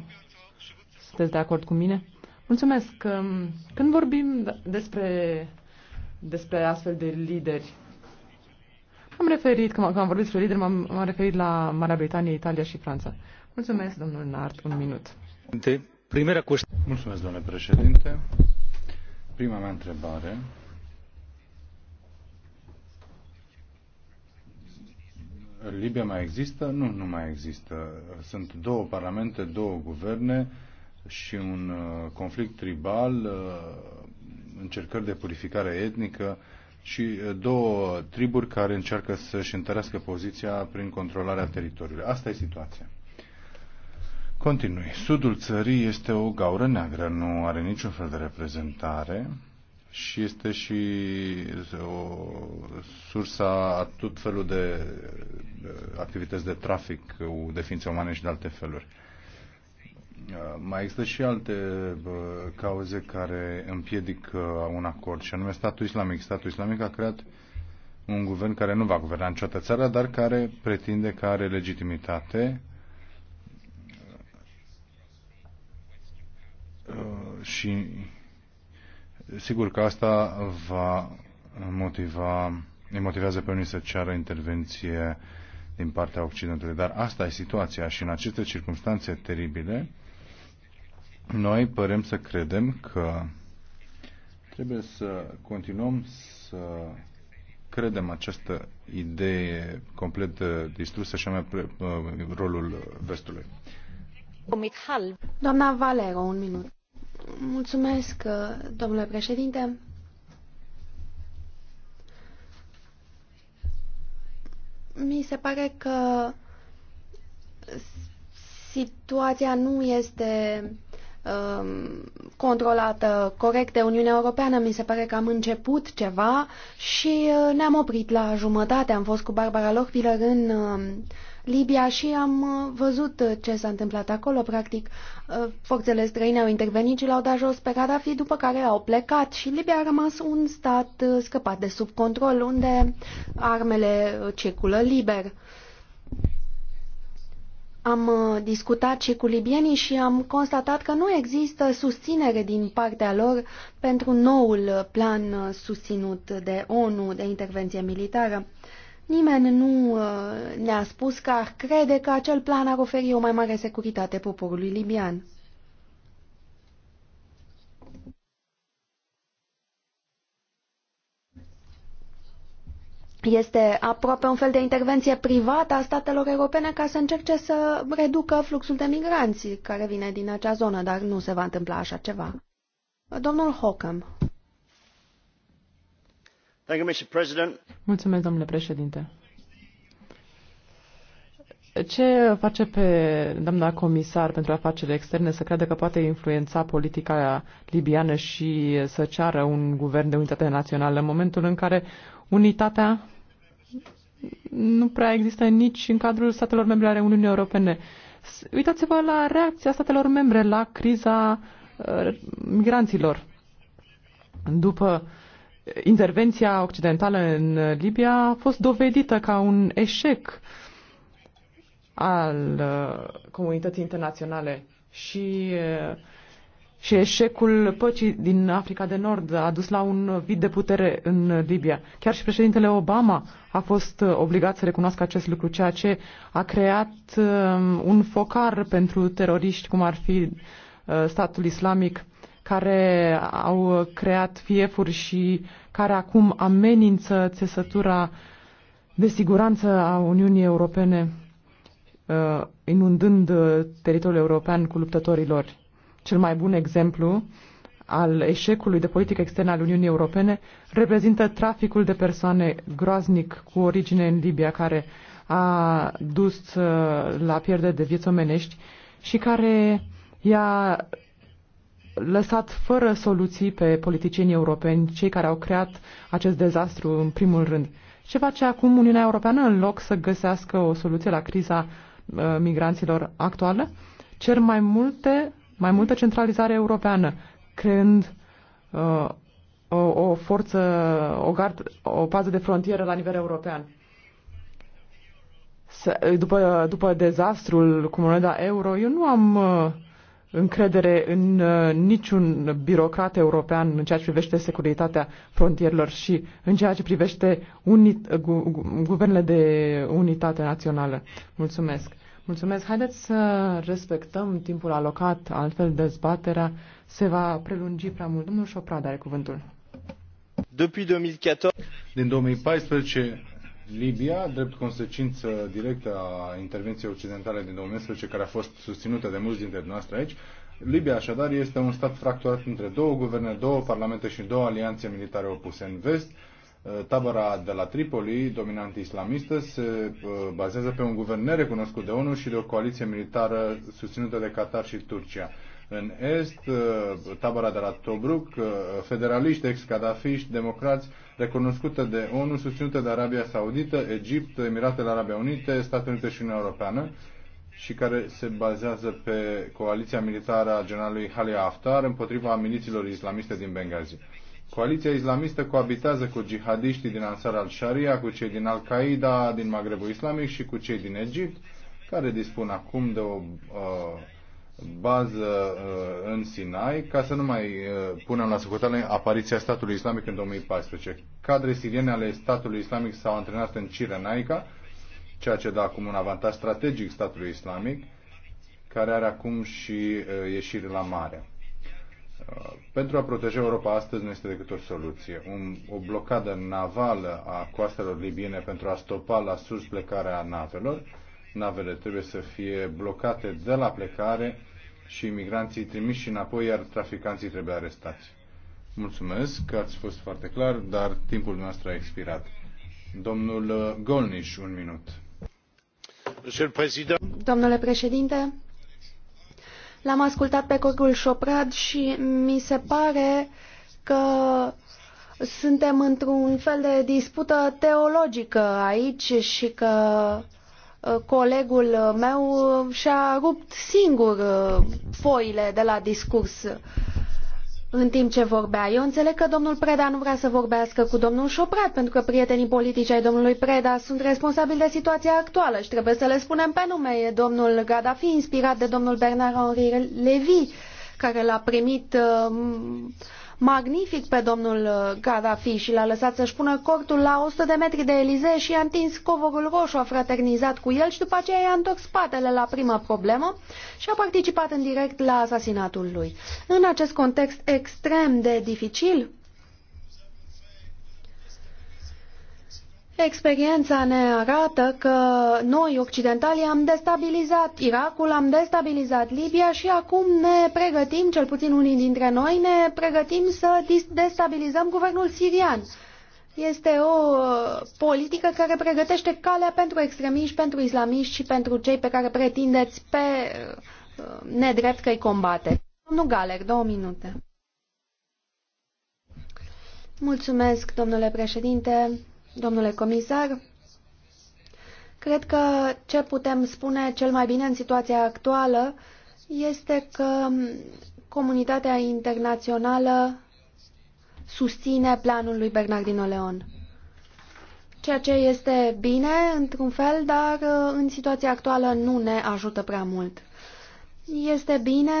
sunteți de acord cu mine? Mulțumesc. Um, când vorbim despre, despre astfel de lideri, am referit, când am vorbit despre lideri, m-am referit la Marea Britanie, Italia și Franța. Mulțumesc, domnul Nart, un minut. Mulțumesc, domnule președinte. Prima mea întrebare Libia mai există? Nu, nu mai există. Sunt două parlamente, două guverne și un uh, conflict tribal, uh, încercări de purificare etnică și uh, două triburi care încearcă să-și întărească poziția prin controlarea teritoriului. Asta e situația. Continui. Sudul țării este o gaură neagră, nu are niciun fel de reprezentare și este și o sursa a tot felul de activități de trafic de ființe umane și de alte feluri. Uh, mai există și alte uh, cauze care împiedică un acord, și anume statul islamic. Statul islamic a creat un guvern care nu va guverna niciodată țara, dar care pretinde că are legitimitate uh, și Sigur că asta va motiva, îi motivează pe unii să ceară intervenție din partea Occidentului. Dar asta e situația și în aceste circunstanțe teribile, noi părem să credem că trebuie să continuăm să credem această idee complet distrusă și mai rolul vestului. Doamna Valero, un minut. Mulțumesc, uh, domnule președinte. Mi se pare că situația nu este um, controlată corect de Uniunea Europeană. Mi se pare că am început ceva și uh, ne-am oprit la jumătate. Am fost cu Barbara Lochbiller în um, Libia și am uh, văzut uh, ce s-a întâmplat acolo, practic. Uh, forțele străine au intervenit și l-au dat jos pe Gaddafi, după care au plecat și Libia a rămas un stat scăpat de sub control, unde armele circulă liber. Am discutat și cu libienii și am constatat că nu există susținere din partea lor pentru noul plan susținut de ONU de intervenție militară. Nimeni nu uh, ne-a spus că ar crede că acel plan ar oferi o mai mare securitate poporului libian. Este aproape un fel de intervenție privată a statelor europene ca să încerce să reducă fluxul de migranți care vine din acea zonă, dar nu se va întâmpla așa ceva. Domnul Hockham. Mulțumesc, domnule președinte. Ce face pe doamna comisar pentru afaceri externe să crede că poate influența politica libiană și să ceară un guvern de unitate națională în momentul în care unitatea nu prea există nici în cadrul statelor membre ale Uniunii Europene? Uitați-vă la reacția statelor membre la criza uh, migranților. După uh, intervenția occidentală în Libia a fost dovedită ca un eșec al uh, comunității internaționale și, uh, și eșecul păcii din Africa de Nord a dus la un vid de putere în Libia. Chiar și președintele Obama a fost uh, obligat să recunoască acest lucru, ceea ce a creat um, un focar pentru teroriști, cum ar fi statul islamic, care au creat fiefuri și care acum amenință țesătura de siguranță a Uniunii Europene, uh, inundând uh, teritoriul european cu luptătorilor. Cel mai bun exemplu al eșecului de politică externă al Uniunii Europene reprezintă traficul de persoane groaznic cu origine în Libia, care a dus uh, la pierdere de vieți omenești și care i-a lăsat fără soluții pe politicienii europeni, cei care au creat acest dezastru în primul rând. Ce face acum Uniunea Europeană în loc să găsească o soluție la criza uh, migranților actuală? Cer mai, multe, mai multă centralizare europeană, creând uh, o, o forță, o, gard, o pază de frontieră la nivel european. S- după, după dezastrul cu moneda euro, eu nu am uh, încredere în uh, niciun birocrat european în ceea ce privește securitatea frontierelor și în ceea ce privește unit, uh, gu, guvernele de unitate națională. Mulțumesc! Mulțumesc! Haideți să respectăm timpul alocat, altfel dezbaterea se va prelungi prea mult. Domnul Șoprad are cuvântul. Din 2014, Libia, drept consecință directă a intervenției occidentale din 2011, care a fost susținută de mulți dintre noastre aici, Libia așadar este un stat fracturat între două guverne, două parlamente și două alianțe militare opuse. În vest, eh, tabăra de la Tripoli, dominant islamistă, se eh, bazează pe un guvern nerecunoscut de ONU și de o coaliție militară susținută de Qatar și Turcia. În Est, uh, tabăra de la Tobruk, uh, federaliști, ex-cadafiști, democrați, recunoscută de ONU, susținută de Arabia Saudită, Egipt, Emiratele Arabe Unite, Statele Unite și Uniunea Europeană și care se bazează pe coaliția militară a generalului Halia Haftar împotriva miliților islamiste din Benghazi. Coaliția islamistă coabitează cu jihadiștii din Ansar al-Sharia, cu cei din Al-Qaeda, din Maghrebul Islamic și cu cei din Egipt, care dispun acum de o uh, bază uh, în Sinai ca să nu mai uh, punem la socoteală apariția statului islamic în 2014. Cadre siriene ale statului islamic s-au antrenat în Cirenaica, ceea ce dă acum un avantaj strategic statului islamic, care are acum și uh, ieșire la mare. Pentru a proteja Europa astăzi nu este decât o soluție. Un, o blocadă navală a coastelor libiene pentru a stopa la sus plecarea navelor. Navele trebuie să fie blocate de la plecare și imigranții trimiși înapoi, iar traficanții trebuie arestați. Mulțumesc că ați fost foarte clar, dar timpul nostru a expirat. Domnul Golniș, un minut. Domnule președinte, l-am ascultat pe Corgul Șoprad și mi se pare că suntem într-un fel de dispută teologică aici și că Uh, colegul meu uh, și-a rupt singur uh, foile de la discurs în timp ce vorbea. Eu înțeleg că domnul Preda nu vrea să vorbească cu domnul Șoprat, pentru că prietenii politici ai domnului Preda sunt responsabili de situația actuală și trebuie să le spunem pe nume. E domnul Gaddafi, inspirat de domnul Bernard Henri Levy, care l-a primit uh, magnific pe domnul uh, Gaddafi și l-a lăsat să-și pună cortul la 100 de metri de Elizee și a întins covorul roșu, a fraternizat cu el și după aceea i-a întors spatele la prima problemă și a participat în direct la asasinatul lui. În acest context extrem de dificil, Experiența ne arată că noi, occidentalii, am destabilizat Irakul, am destabilizat Libia și acum ne pregătim, cel puțin unii dintre noi, ne pregătim să destabilizăm guvernul sirian. Este o uh, politică care pregătește calea pentru extremiști, pentru islamiști și pentru cei pe care pretindeți pe uh, nedrept că îi combate. Domnul Galer, două minute. Mulțumesc, domnule președinte domnule comisar. Cred că ce putem spune cel mai bine în situația actuală este că comunitatea internațională susține planul lui Bernardino Leon. Ceea ce este bine, într-un fel, dar uh, în situația actuală nu ne ajută prea mult. Este bine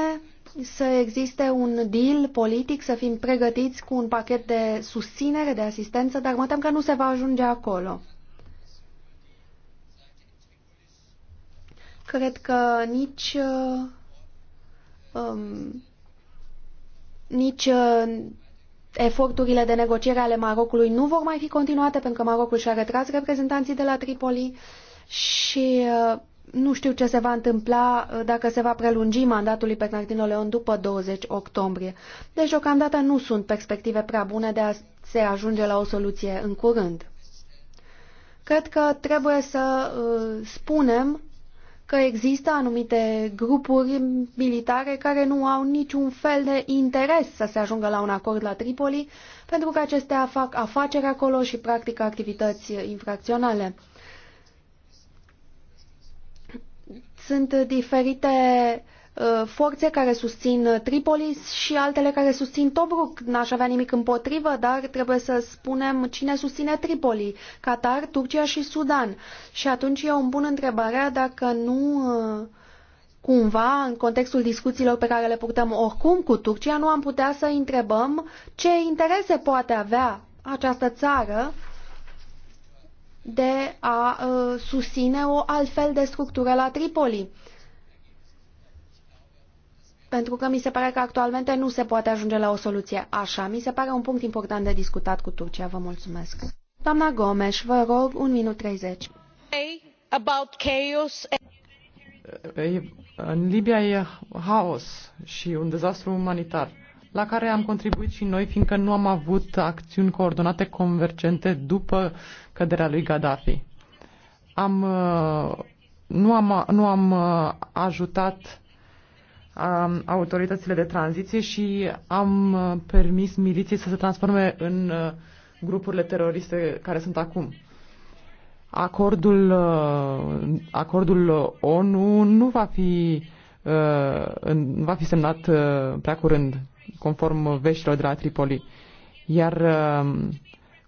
să existe un deal politic, să fim pregătiți cu un pachet de susținere, de asistență, dar mă tem că nu se va ajunge acolo. Cred că nici um, nici uh, eforturile de negociere ale Marocului nu vor mai fi continuate, pentru că Marocul și-a retras reprezentanții de la Tripoli și uh, nu știu ce se va întâmpla uh, dacă se va prelungi mandatul lui Bernardino Leon după 20 octombrie. Deci, deocamdată, nu sunt perspective prea bune de a se ajunge la o soluție în curând. Cred că trebuie să uh, spunem că există anumite grupuri militare care nu au niciun fel de interes să se ajungă la un acord la Tripoli, pentru că acestea fac afaceri acolo și practică activități infracționale. Sunt diferite uh, forțe care susțin Tripolis și altele care susțin Tobruk. N-aș avea nimic împotrivă, dar trebuie să spunem cine susține Tripoli, Qatar, Turcia și Sudan. Și atunci e o bună întrebare dacă nu uh, cumva, în contextul discuțiilor pe care le purtăm oricum cu Turcia, nu am putea să întrebăm ce interese poate avea această țară de a uh, susține o altfel de structură la Tripoli. Pentru că mi se pare că actualmente nu se poate ajunge la o soluție așa. Mi se pare un punct important de discutat cu Turcia. Vă mulțumesc. Doamna Gomes, vă rog, un minut 30. About chaos Ei, în Libia e haos și un dezastru umanitar la care am contribuit și noi, fiindcă nu am avut acțiuni coordonate convergente după căderea lui Gaddafi. Am, uh, nu am, nu am uh, ajutat um, autoritățile de tranziție și am uh, permis miliției să se transforme în grupurile teroriste care sunt acum. Acordul, acordul ONU nu va fi, va fi semnat prea curând, conform veștilor de la Tripoli. Iar,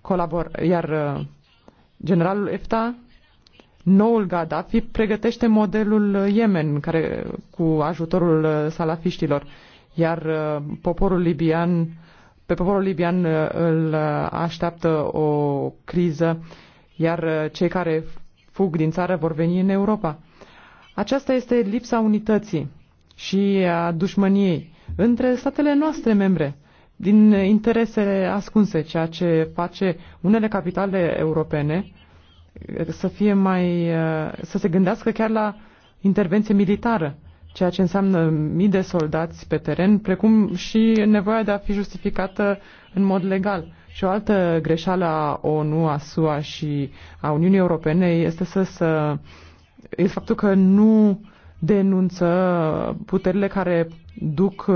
colabor, iar Generalul EFTA, noul Gaddafi, pregătește modelul uh, Yemen care, cu ajutorul uh, salafiștilor, iar uh, poporul libian, pe poporul libian îl așteaptă o criză, iar cei care fug din țară vor veni în Europa. Aceasta este lipsa unității și a dușmăniei între statele noastre membre din interesele ascunse, ceea ce face unele capitale europene eh, să fie mai eh, să se gândească chiar la intervenție militară, ceea ce înseamnă mii de soldați pe teren, precum și nevoia de a fi justificată în mod legal. Și o altă greșeală a ONU, a SUA și a Uniunii Europene este să, să este faptul că nu denunță puterile care duc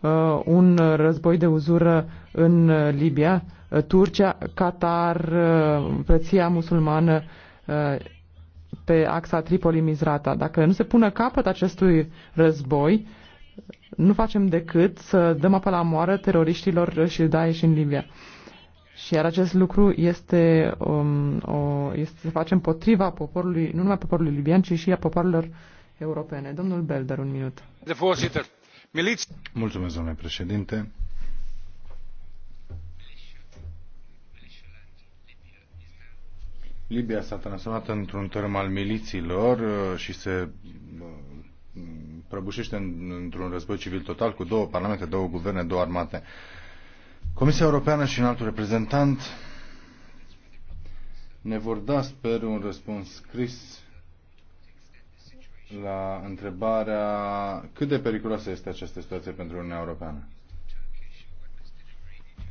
uh, un război de uzură în Libia, uh, Turcia, Qatar, uh, preția musulmană uh, pe axa Tripoli-Mizrata. Dacă nu se pună capăt acestui război, nu facem decât să dăm apă la moară teroriștilor și Daesh în Libia. Și iar acest lucru este, um, o, este să facem potriva poporului, nu numai poporului libian, ci și a poporilor europene. Domnul Belder, un minut. De Mulțumesc, domnule președinte. Libia s-a transformat într-un term al milițiilor uh, și se uh, prăbușește într-un război civil total cu două parlamente, două guverne, două armate. Comisia Europeană și un alt reprezentant ne vor da, sper, un răspuns scris la întrebarea cât de periculoasă este această situație pentru Uniunea Europeană.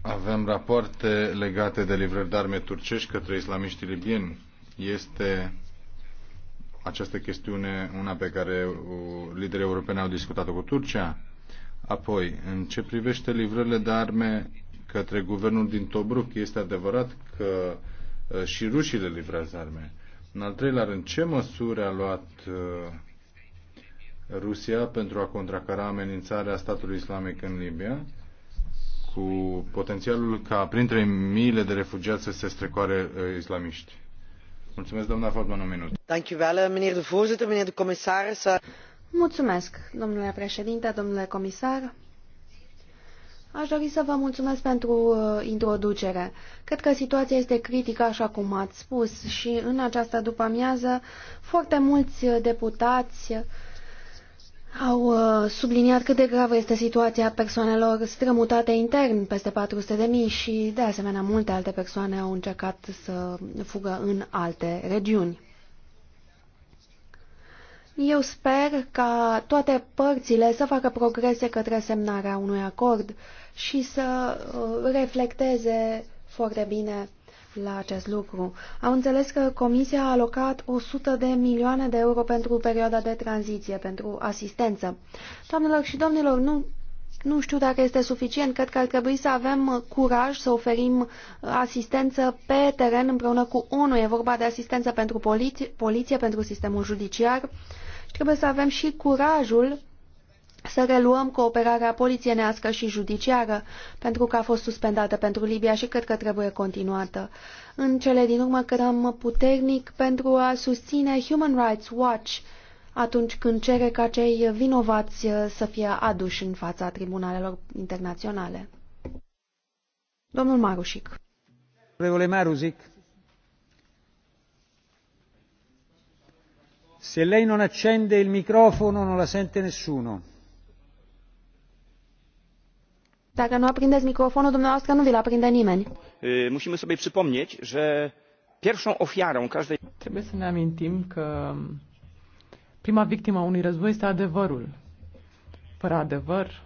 Avem rapoarte legate de livrări de arme turcești către islamiștii libieni. Este această chestiune una pe care liderii europeni au discutat-o cu Turcia. Apoi, în ce privește livrările de arme către guvernul din Tobruk, este adevărat că și rușii le livrează arme. În al treilea rând, ce măsuri a luat Rusia pentru a contracara amenințarea statului islamic în Libia, cu potențialul ca printre miile de refugiați să se strecoare uh, islamiști. Mulțumesc, doamna Fabman, un minut. Uh. Mulțumesc, domnule președinte, domnule comisar. Aș dori să vă mulțumesc pentru uh, introducere. Cred că situația este critică, așa cum ați spus, și în această după-amiază foarte mulți deputați au uh, subliniat cât de gravă este situația persoanelor strămutate intern, peste 400 de mii și, de asemenea, multe alte persoane au încercat să fugă în alte regiuni. Eu sper ca toate părțile să facă progrese către semnarea unui acord și să uh, reflecteze foarte bine la acest lucru. Am înțeles că Comisia a alocat 100 de milioane de euro pentru perioada de tranziție, pentru asistență. Doamnelor și domnilor, nu, nu știu dacă este suficient. Cred că ar trebui să avem curaj să oferim asistență pe teren împreună cu ONU. E vorba de asistență pentru poliție, poliție pentru sistemul judiciar și trebuie să avem și curajul să reluăm cooperarea polițienească și judiciară, pentru că a fost suspendată pentru Libia și cred că trebuie continuată. În cele din urmă cărăm puternic pentru a susține Human Rights Watch atunci când cere ca cei vinovați uh, să fie aduși în fața tribunalelor internaționale. Domnul Marușic. Domnule Marușic. Se lei non accende il microfono non la sente nessuno. Dacă nu aprindeți microfonul dumneavoastră, nu vi-l aprinde nimeni. Musimy sobie przypomnieć, że pierwszą ofiarą każdej... Trebuie să ne amintim că prima victimă a unui război este adevărul. Fără adevăr,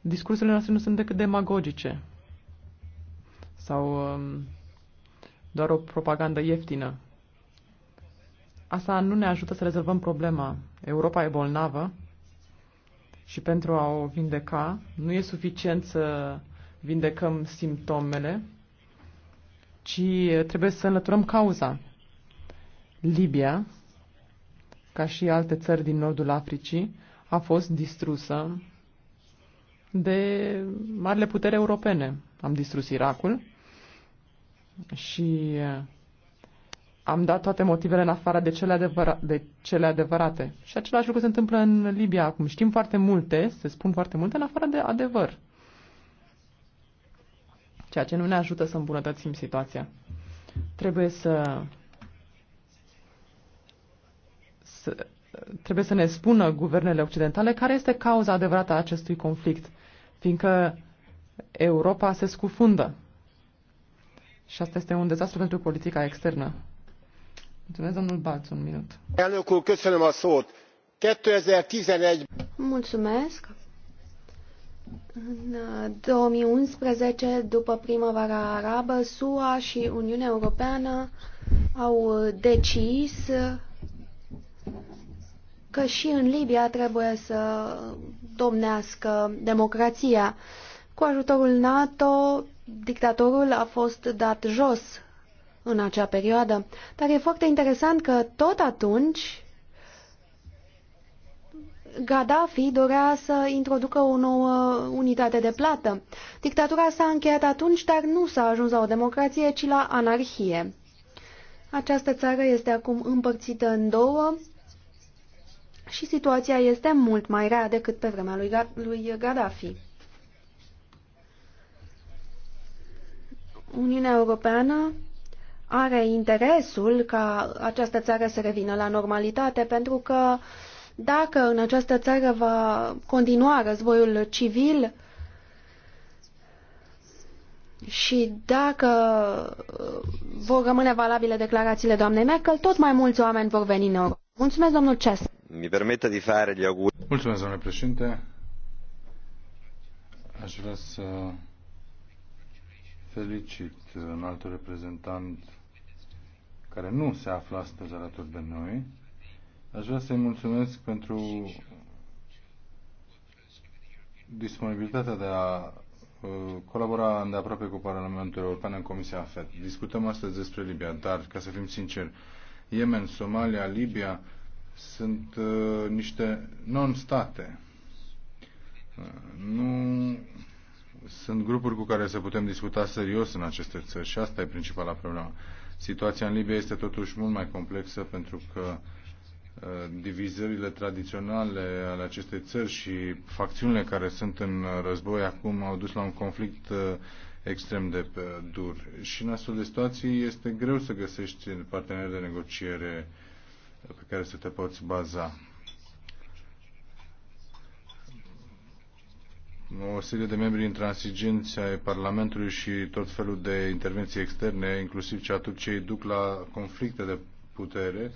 discursurile noastre nu sunt decât demagogice sau um, doar o propagandă ieftină. Asta nu ne ajută să rezolvăm problema. Europa e bolnavă și pentru a o vindeca nu e suficient să vindecăm simptomele, ci trebuie să înlăturăm cauza. Libia, ca și alte țări din nordul Africii, a fost distrusă de marile putere europene. Am distrus Irakul și am dat toate motivele în afară de cele, adevăra- de cele adevărate. Și același lucru se întâmplă în Libia acum. Știm foarte multe, se spun foarte multe, în afară de adevăr. Ceea ce nu ne ajută să îmbunătățim situația. Trebuie să, să trebuie să ne spună guvernele occidentale care este cauza adevărată a acestui conflict, fiindcă Europa se scufundă. Și asta este un dezastru pentru politica externă. Mulțumesc, domnul Balț, un minut. Elnök úr, köszönöm a szót. 2011... Mulțumesc. În 2011, uh, după primăvara arabă, SUA și Uniunea Europeană au decis că și în Libia trebuie să domnească democrația. Cu ajutorul NATO, dictatorul a fost dat jos în acea perioadă. Dar e foarte interesant că tot atunci Gaddafi dorea să introducă o nouă unitate de plată. Dictatura s-a încheiat atunci, dar nu s-a ajuns la o democrație, ci la anarhie. Această țară este acum împărțită în două și situația este mult mai rea decât pe vremea lui, Ga lui Gaddafi. Uniunea Europeană are interesul ca această țară să revină la normalitate, pentru că dacă în această țară va continua războiul civil și dacă uh, vor rămâne valabile declarațiile doamnei Merkel, tot mai mulți oameni vor veni în Europa. Mulțumesc, domnul Ces. Mi permite de fare gli auguri. Mulțumesc, domnule președinte. Aș vrea să felicit un alt reprezentant care nu se află astăzi alături de noi. Aș vrea să-i mulțumesc pentru disponibilitatea de a uh, colabora îndeaproape cu Parlamentul European în Comisia AFET. Discutăm astăzi despre Libia, dar, ca să fim sinceri, Yemen, Somalia, Libia sunt uh, niște non-state. Uh, nu sunt grupuri cu care să putem discuta serios în aceste țări și asta e principala problemă. Situația în Libia este totuși mult mai complexă pentru că uh, divizările tradiționale ale acestei țări și facțiunile care sunt în uh, război acum au dus la un conflict uh, extrem de dur. Și în astfel de situații este greu să găsești parteneri de negociere pe care să te poți baza. o serie de membri intransigenți ai Parlamentului și tot felul de intervenții externe, inclusiv cea Turciei, duc la conflicte de putere.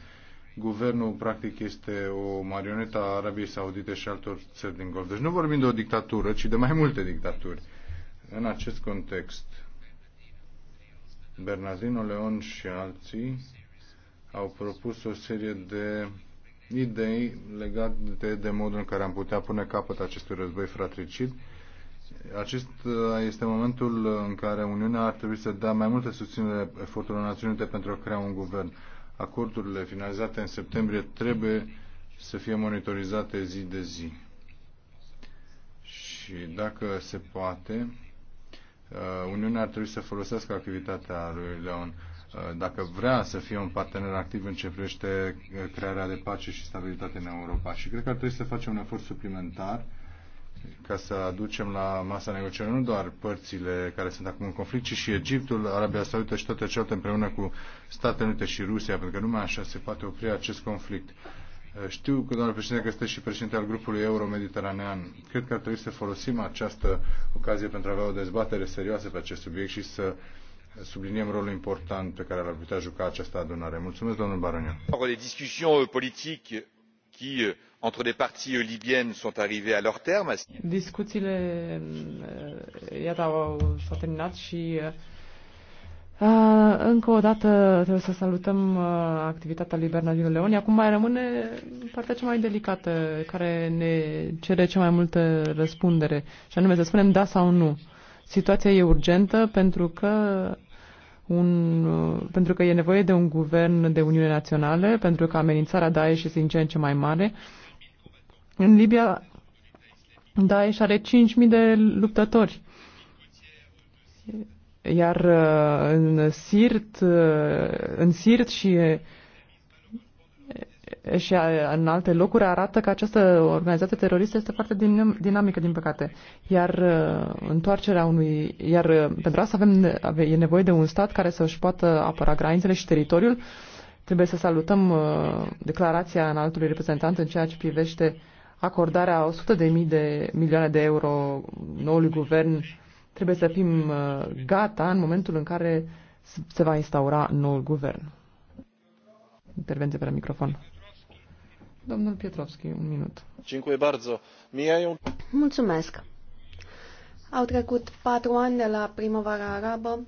Guvernul, practic, este o marionetă a Arabiei Saudite și altor țări din Golf. Deci nu vorbim de o dictatură, ci de mai multe dictaturi. În acest context, Bernardino Leon și alții au propus o serie de idei legate de modul în care am putea pune capăt acestui război fratricid. Acesta este momentul în care Uniunea ar trebui să dea mai multe susținere eforturilor Națiunii pentru a crea un guvern. Acordurile finalizate în septembrie trebuie să fie monitorizate zi de zi. Și dacă se poate, uh, Uniunea ar trebui să folosească activitatea lui Leon dacă vrea să fie un partener activ în ce privește uh, crearea de pace și stabilitate în Europa. Și cred că ar trebui să facem un efort suplimentar ca să aducem la masa negocierilor nu doar părțile care sunt acum în conflict, ci și Egiptul, Arabia Saudită și toate celelalte împreună cu Statele Unite și Rusia, pentru că numai așa se poate opri acest conflict. Uh, știu că, doamnă președinte, că este și președinte al grupului euro-mediteranean. Cred că ar trebui să folosim această ocazie pentru a avea o dezbatere serioasă pe acest subiect și să uh, subliniem rolul important pe care l-ar putea juca această adunare. Mulțumesc, domnul Baroniu. Les discussions euh, politiques qui, euh, entre les parties euh, libyennes, sont arrivées à leur terme. Discuțiile, iată, au, s-au terminat și uh, încă o dată trebuie să salutăm uh, activitatea lui Bernardino Leoni. Acum mai rămâne partea cea mai delicată, care ne cere cea mai multă răspundere, și anume să spunem da sau nu. Situația e urgentă pentru că un, uh, pentru că e nevoie de un guvern de Uniune Națională, pentru că amenințarea Daesh este din ce în ce mai mare. În Libia, Daesh are 5.000 de luptători. Iar uh, în Sirt, uh, în Sirt și și în alte locuri arată că această organizație teroristă este foarte din, dinamică, din păcate. Iar uh, întoarcerea unui. Iar uh, pentru asta avem, e nevoie de un stat care să-și poată apăra granițele și teritoriul. Trebuie să salutăm uh, declarația înaltului reprezentant în ceea ce privește acordarea 100 de mii de milioane de euro noului guvern. Trebuie să fim gata în momentul în care se va instaura noul guvern. Intervenție pe microfon. Domnul Pietrovski, un minut. bardzo. Mulțumesc. Au trecut patru ani de la primăvara arabă,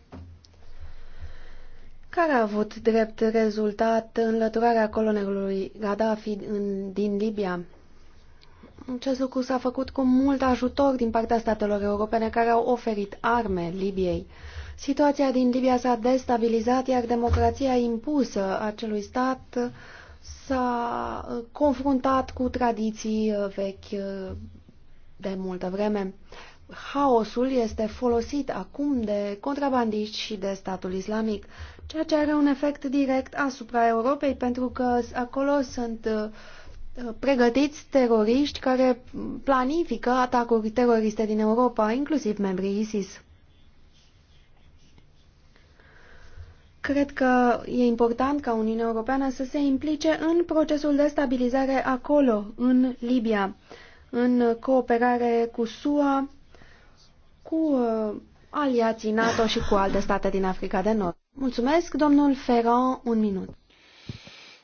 care a avut drept rezultat înlăturarea colonelului Gaddafi în, din Libia. Acest lucru s-a făcut cu mult ajutor din partea statelor europene care au oferit arme Libiei. Situația din Libia s-a destabilizat, iar democrația impusă acelui stat s-a uh, confruntat cu tradiții uh, vechi uh, de multă vreme. Haosul este folosit acum de contrabandiști și de statul islamic, ceea ce are un efect direct asupra Europei, pentru că acolo sunt pregătiți teroriști care planifică atacuri teroriste din Europa, inclusiv membrii ISIS. Cred că e important ca Uniunea Europeană să se implice în procesul de stabilizare acolo, în Libia, în cooperare cu SUA, cu uh, aliații NATO și cu alte state din Africa de Nord. Mulțumesc, domnul Ferrand, un minut.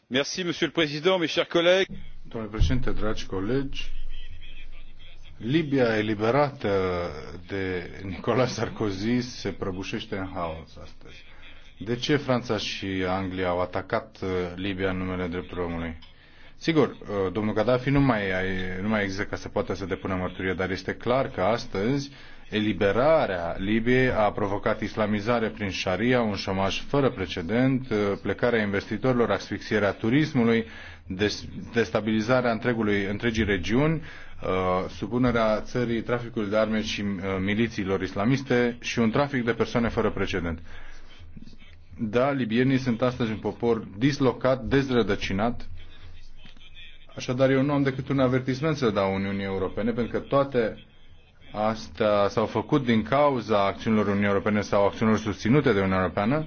Merci, monsieur le président, mes chers collègues. Domnule președinte, dragi colegi, Libia eliberată de Nicolas Sarkozy se prăbușește în haos astăzi. De ce Franța și Anglia au atacat uh, Libia în numele drepturilor omului? Sigur, uh, domnul Gaddafi nu mai, nu mai există ca să poată să depună mărturie, dar este clar că astăzi eliberarea Libiei a provocat islamizare prin șaria, un șomaj fără precedent, uh, plecarea investitorilor, asfixierea turismului, destabilizarea întregului, întregii regiuni, supunerea țării traficului de arme și milițiilor islamiste și un trafic de persoane fără precedent. Da, libienii sunt astăzi un popor dislocat, dezrădăcinat. Așadar, eu nu am decât un avertisment să dau Uniunii Europene, pentru că toate astea s-au făcut din cauza acțiunilor Uniunii Europene sau acțiunilor susținute de Uniunea Europeană,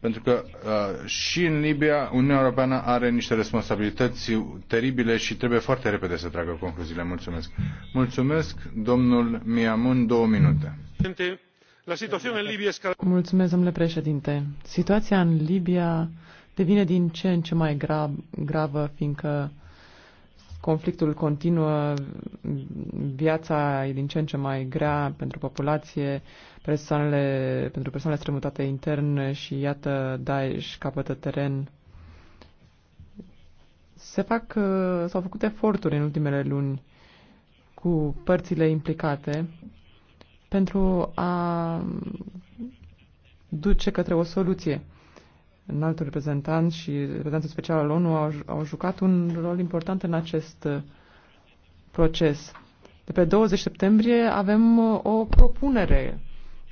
pentru că uh, și în Libia Uniunea Europeană are niște responsabilități teribile și trebuie foarte repede să tragă concluziile. Mulțumesc. Mulțumesc, domnul Miamun, două minute. Mulțumesc, domnule președinte. Situația în Libia devine din ce în ce mai grav, gravă, fiindcă conflictul continuă, viața e din ce în ce mai grea pentru populație, persoanele, pentru persoanele strămutate interne și iată Daesh capătă teren. Se fac, s-au făcut eforturi în ultimele luni cu părțile implicate pentru a duce către o soluție. altul reprezentant și reprezentantul special al ONU au, au jucat un rol important în acest uh, proces. De pe 20 septembrie avem uh, o propunere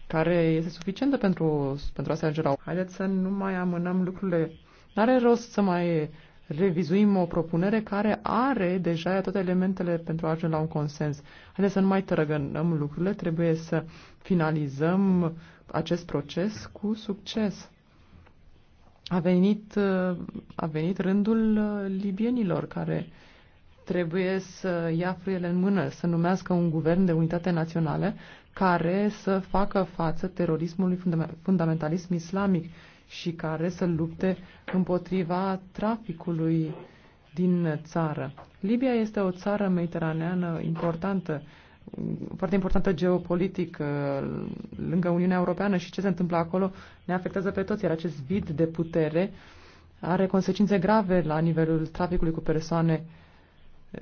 care este suficientă pentru, pentru a se ajunge la... Haideți să nu mai amânăm lucrurile. N-are rost să mai revizuim o propunere care are deja toate elementele pentru a ajunge la un consens. Haideți să nu mai tărăgănăm lucrurile, trebuie să finalizăm acest proces cu succes. A venit, a venit rândul libienilor care trebuie să ia frâiele în mână, să numească un guvern de unitate națională care să facă față terorismului fundamentalism islamic și care să lupte împotriva traficului din țară. Libia este o țară mediteraneană importantă, foarte importantă geopolitic uh, lângă Uniunea Europeană și ce se întâmplă acolo ne afectează pe toți, iar acest vid de putere are consecințe grave la nivelul traficului cu persoane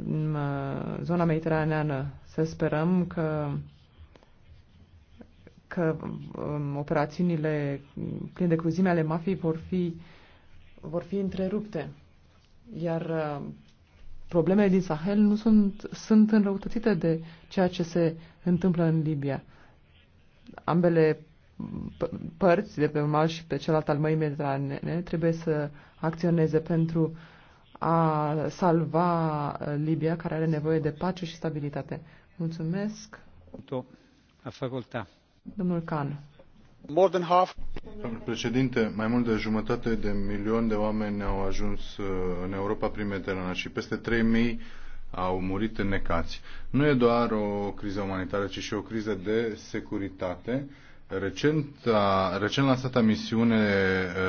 în uh, zona mediteraneană. Să sperăm că că um, operațiunile pline de cruzime ale mafiei vor fi, vor fi întrerupte. Iar uh, problemele din Sahel nu sunt, sunt înrăutățite de ceea ce se întâmplă în Libia. Ambele părți, de pe un mal și pe celălalt al Mării Mediterane, trebuie să acționeze pentru a salva uh, Libia, care are nevoie de pace și stabilitate. Mulțumesc! A facultate. Domnul Can. Domnul președinte, mai mult de jumătate de milion de oameni au ajuns uh, în Europa prin Mediterana și peste 3.000 au murit necați. Nu e doar o criză umanitară, ci și o criză de securitate. Recent, a, recent lansată misiune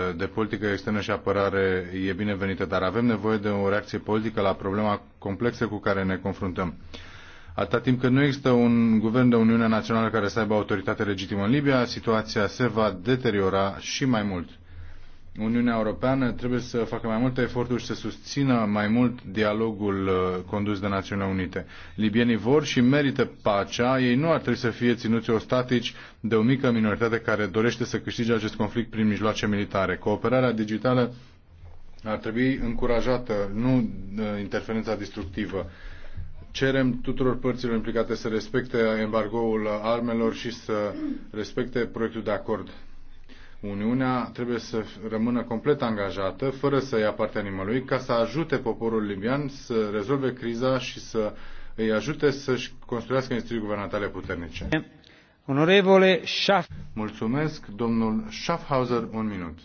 uh, de politică externă și apărare e binevenită, dar avem nevoie de o reacție politică la problema complexă cu care ne confruntăm. Atâta timp cât nu există un guvern de Uniune Națională care să aibă autoritate legitimă în Libia, situația se va deteriora și mai mult. Uniunea Europeană trebuie să facă mai multe eforturi și să susțină mai mult dialogul uh, condus de Națiunile Unite. Libienii vor și merită pacea, ei nu ar trebui să fie ținuți ostatici de o mică minoritate care dorește să câștige acest conflict prin mijloace militare. Cooperarea digitală ar trebui încurajată, nu uh, interferența distructivă. Cerem tuturor părților implicate să respecte embargoul armelor și să respecte proiectul de acord. Uniunea trebuie să rămână complet angajată, fără să ia partea nimălui, ca să ajute poporul libian să rezolve criza și să îi ajute să-și construiască instituții guvernatale puternice. Onorevole Schaff. Mulțumesc, domnul Schaffhauser, un minut.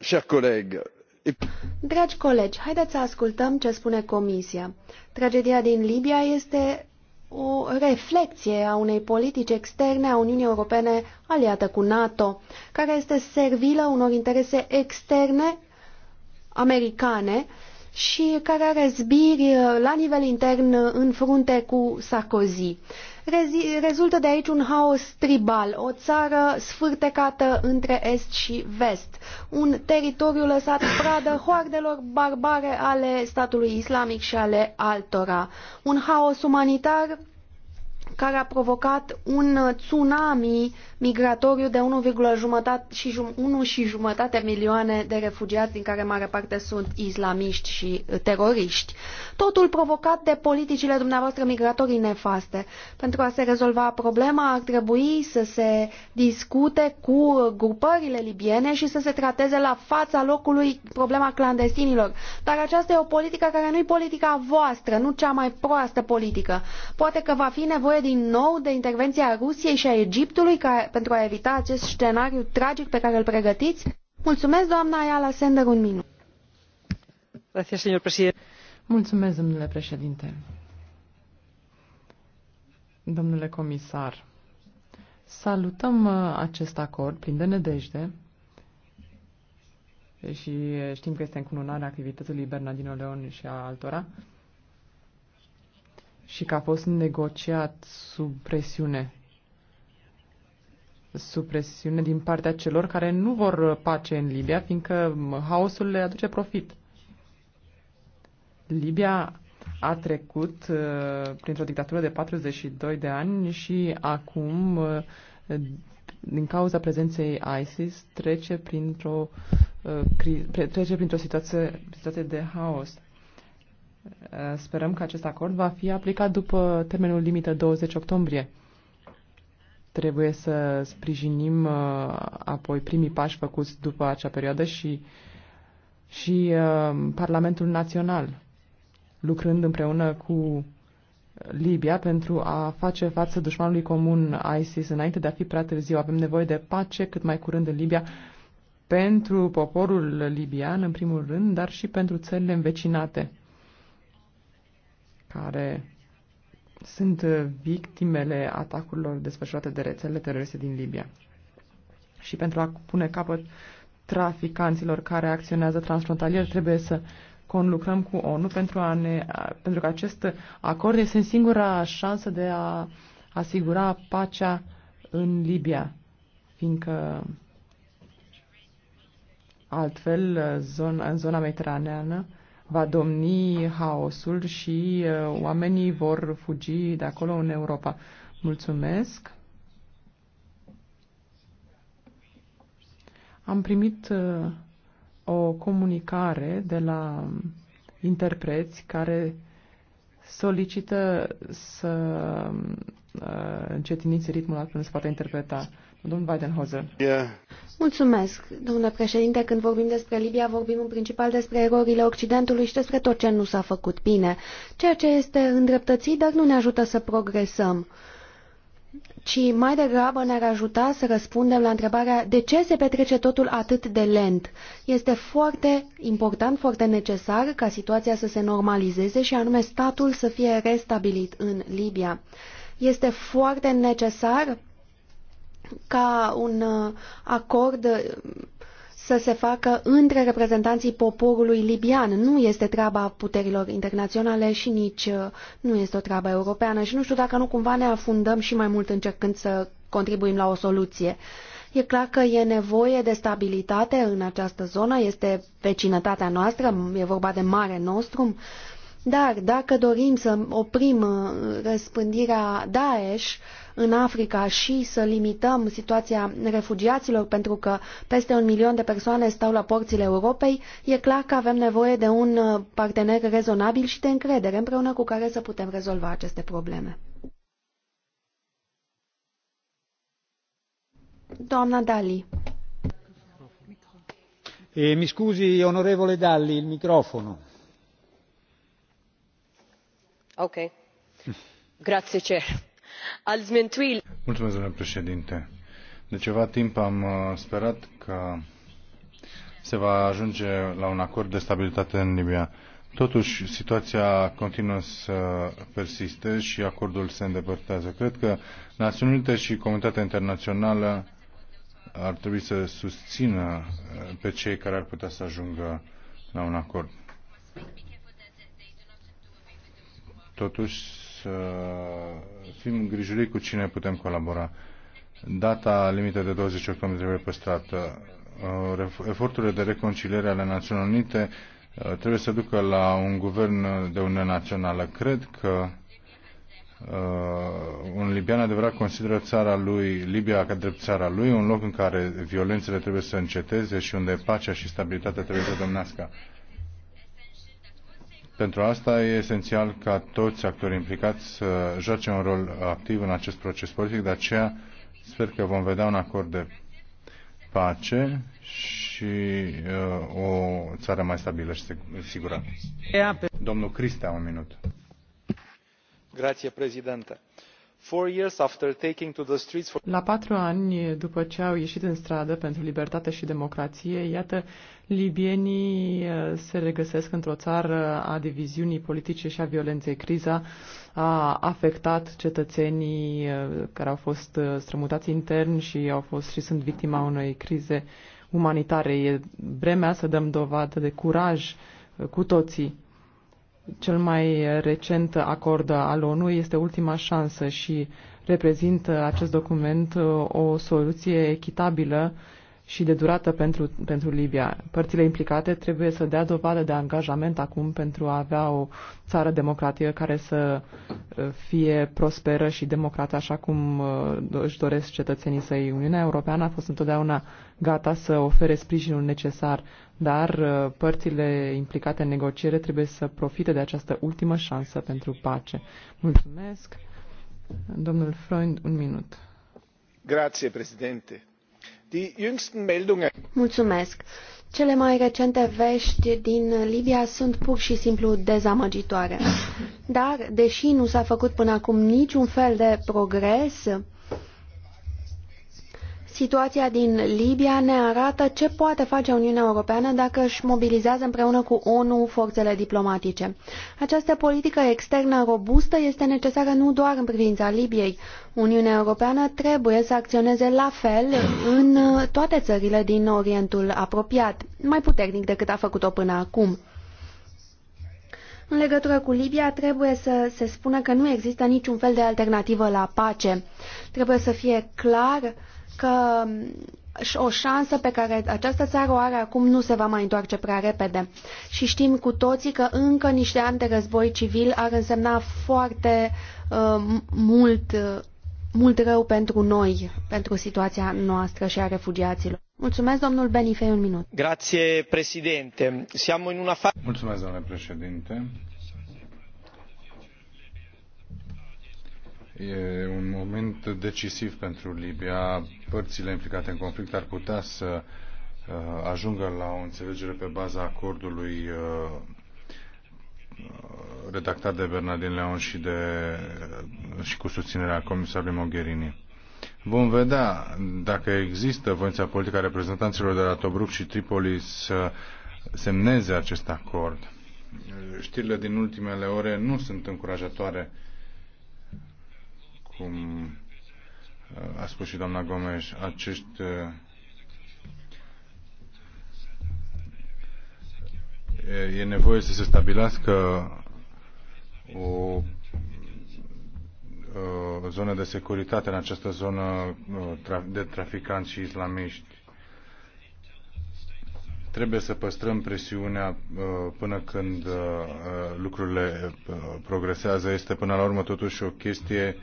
Chers collègues, Dragi colegi, haideți să ascultăm ce spune Comisia. Tragedia din Libia este o reflecție a unei politici externe a Uniunii Europene aliată cu NATO, care este servilă unor interese externe americane și care are zbiri la nivel intern în frunte cu Sarkozy rezultă de aici un haos tribal, o țară sfârtecată între est și vest, un teritoriu lăsat pradă hoardelor barbare ale statului islamic și ale altora, un haos umanitar care a provocat un tsunami migratoriu de 1,5 și 1 și jumătate milioane de refugiați, din care mare parte sunt islamiști și uh, teroriști. Totul provocat de politicile dumneavoastră migratorii nefaste. Pentru a se rezolva problema ar trebui să se discute cu grupările libiene și să se trateze la fața locului problema clandestinilor. Dar aceasta e o politică care nu e politica voastră, nu cea mai proastă politică. Poate că va fi nevoie din nou de intervenția Rusiei și a Egiptului ca, pentru a evita acest scenariu tragic pe care îl pregătiți? Mulțumesc, doamna Ayala Sender, un minut. Mulțumesc, domnule președinte. Domnule comisar, salutăm uh, acest acord plin de nedejde și uh, știm că este încununarea activității Bernardino Leon și a altora și că a fost negociat sub presiune supresiune din partea celor care nu vor pace în Libia, fiindcă haosul le aduce profit. Libia a trecut uh, printr-o dictatură de 42 de ani și acum, uh, din cauza prezenței ISIS, trece printr-o, uh, trece printr-o situație, situație de haos. Uh, sperăm că acest acord va fi aplicat după termenul limită 20 octombrie. Trebuie să sprijinim uh, apoi primii pași făcuți după acea perioadă și, și uh, Parlamentul Național, lucrând împreună cu Libia pentru a face față dușmanului comun ISIS înainte de a fi prea târziu. Avem nevoie de pace cât mai curând în Libia pentru poporul libian, în primul rând, dar și pentru țările învecinate, care sunt uh, victimele atacurilor desfășurate de rețele teroriste din Libia. Și pentru a pune capăt traficanților care acționează transfrontalier, trebuie să conlucrăm cu ONU pentru, a ne, pentru că acest acord este singura șansă de a asigura pacea în Libia, fiindcă altfel uh, zona, în zona mediteraneană va domni haosul și uh, oamenii vor fugi de acolo în Europa. Mulțumesc! Am primit uh, o comunicare de la interpreți care solicită să uh, încetiniți ritmul până se poate interpreta. Domnul Weidenhauser. Yeah. Mulțumesc, domnule președinte. Când vorbim despre Libia, vorbim în principal despre erorile Occidentului și despre tot ce nu s-a făcut bine, ceea ce este îndreptățit, dar nu ne ajută să progresăm ci mai degrabă ne-ar ajuta să răspundem la întrebarea de ce se petrece totul atât de lent. Este foarte important, foarte necesar ca situația să se normalizeze și anume statul să fie restabilit în Libia. Este foarte necesar ca un uh, acord uh, să se facă între reprezentanții poporului libian. Nu este treaba puterilor internaționale și nici uh, nu este o treabă europeană și nu știu dacă nu cumva ne afundăm și mai mult încercând să contribuim la o soluție. E clar că e nevoie de stabilitate în această zonă, este vecinătatea noastră, e vorba de Mare Nostrum, uh, dar dacă dorim să oprim uh, răspândirea Daesh în Africa și să limităm situația refugiaților, pentru că peste un milion de persoane stau la porțile Europei, e clar că avem nevoie de un uh, partener rezonabil și de încredere, împreună cu care să putem rezolva aceste probleme. Doamna Dali. E, eh, mi scuzi, onorevole Dalli, il microfono domnule președinte de ceva timp am uh, sperat că se va ajunge la un acord de stabilitate în libia. totuși situația continuă să persiste și acordul se îndepărtează. cred că națiunile unite și comunitatea internațională ar trebui să susțină uh, pe cei care ar putea să ajungă la un acord totuși să fim îngrijoriți cu cine putem colabora. Data limită de 20 octombrie trebuie păstrată. Uh, eforturile de reconciliere ale Națiunilor Unite uh, trebuie să ducă la un guvern de uniune națională. Cred că uh, un libian adevărat consideră țara lui, Libia ca drept țara lui, un loc în care violențele trebuie să înceteze și unde pacea și stabilitatea trebuie să domnească. Pentru asta e esențial ca toți actorii implicați să joace un rol activ în acest proces politic, de aceea sper că vom vedea un acord de pace și uh, o țară mai stabilă și sigură. Domnul Cristea, un minut. Grație, prezidentă la patru ani după ce au ieșit în stradă pentru libertate și democrație, iată, libienii uh, se regăsesc într-o țară a diviziunii politice și a violenței. Criza a afectat cetățenii uh, care au fost uh, strămutați intern și au fost și sunt victima unei crize umanitare. E vremea să dăm dovadă de curaj cu toții cel mai recent acord al ONU este ultima șansă și reprezintă acest document uh, o soluție echitabilă și de durată pentru, pentru Libia. Părțile implicate trebuie să dea dovadă de angajament acum pentru a avea o țară democratică care să uh, fie prosperă și democrată așa cum uh, își doresc cetățenii săi. Uniunea Europeană a fost întotdeauna gata să ofere sprijinul necesar dar uh, părțile implicate în negociere trebuie să profite de această ultimă șansă pentru pace. Mulțumesc. Domnul Freund, un minut. Grazie, președinte. Mulțumesc. Cele mai recente vești din Libia sunt pur și simplu dezamăgitoare. Dar, deși nu s-a făcut până acum niciun fel de progres, Situația din Libia ne arată ce poate face Uniunea Europeană dacă își mobilizează împreună cu ONU forțele diplomatice. Această politică externă robustă este necesară nu doar în privința Libiei. Uniunea Europeană trebuie să acționeze la fel în toate țările din Orientul apropiat, mai puternic decât a făcut-o până acum. În legătură cu Libia, trebuie să se spună că nu există niciun fel de alternativă la pace. Trebuie să fie clar că o șansă pe care această țară o are acum nu se va mai întoarce prea repede. Și știm cu toții că încă niște ani de război civil ar însemna foarte uh, mult, uh, mult rău pentru noi, pentru situația noastră și a refugiaților. Mulțumesc, domnul Benifei, un minut. Grație, președinte. Siamo in una fa- Mulțumesc, domnule președinte. E un moment decisiv pentru Libia. Părțile implicate în conflict ar putea să uh, ajungă la o înțelegere pe baza acordului uh, uh, redactat de Bernardin Leon și, de, și cu susținerea comisarului Mogherini. Vom vedea dacă există voința politică a reprezentanților de la Tobruk și Tripoli să semneze acest acord. Știrile din ultimele ore nu sunt încurajatoare cum uh, a spus și doamna Gomes, acești uh, e nevoie să se stabilească uh, o zonă de securitate în această zonă de traficanți și islamiști. Trebuie să păstrăm presiunea până când lucrurile progresează. Este până la urmă totuși o chestie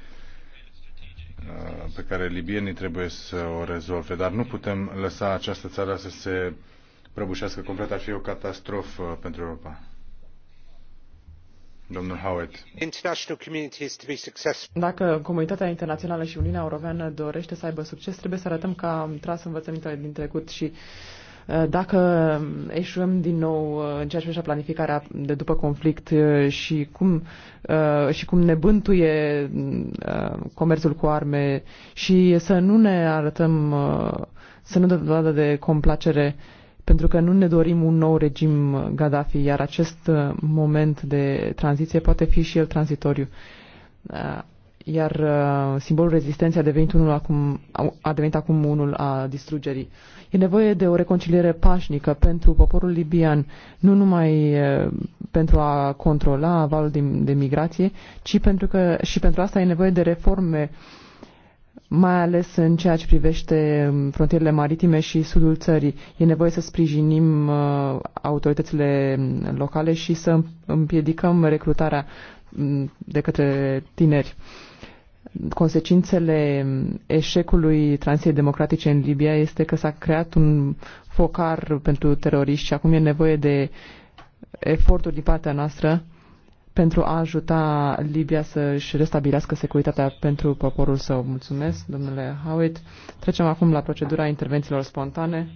Uh, pe care libienii trebuie să o rezolve, dar nu putem lăsa această țară să se prăbușească complet, ar fi o catastrofă pentru Europa. Domnul Howard. Dacă comunitatea internațională și Uniunea Europeană dorește să aibă succes, trebuie să arătăm că am tras învățămintele din trecut și Uh, dacă eșuăm din nou uh, în ceea ce așa planificarea de după conflict uh, și cum, și cum ne bântuie comerțul cu arme și să nu ne arătăm, să nu dăm dovadă de complacere pentru că nu ne dorim un nou regim Gaddafi, iar acest moment de tranziție poate fi și el tranzitoriu iar uh, simbolul rezistenței a devenit, unul acum, a devenit acum unul a distrugerii. E nevoie de o reconciliere pașnică pentru poporul libian, nu numai uh, pentru a controla valul de, de migrație, ci pentru că și pentru asta e nevoie de reforme mai ales în ceea ce privește um, frontierele maritime și sudul țării. E nevoie să sprijinim uh, autoritățile um, locale și să împiedicăm recrutarea um, de către tineri consecințele eșecului transiției democratice în Libia este că s-a creat un focar pentru teroriști și acum e nevoie de eforturi din partea noastră pentru a ajuta Libia să-și restabilească securitatea pentru poporul său. Mulțumesc, domnule Howitt. Trecem acum la procedura intervențiilor spontane.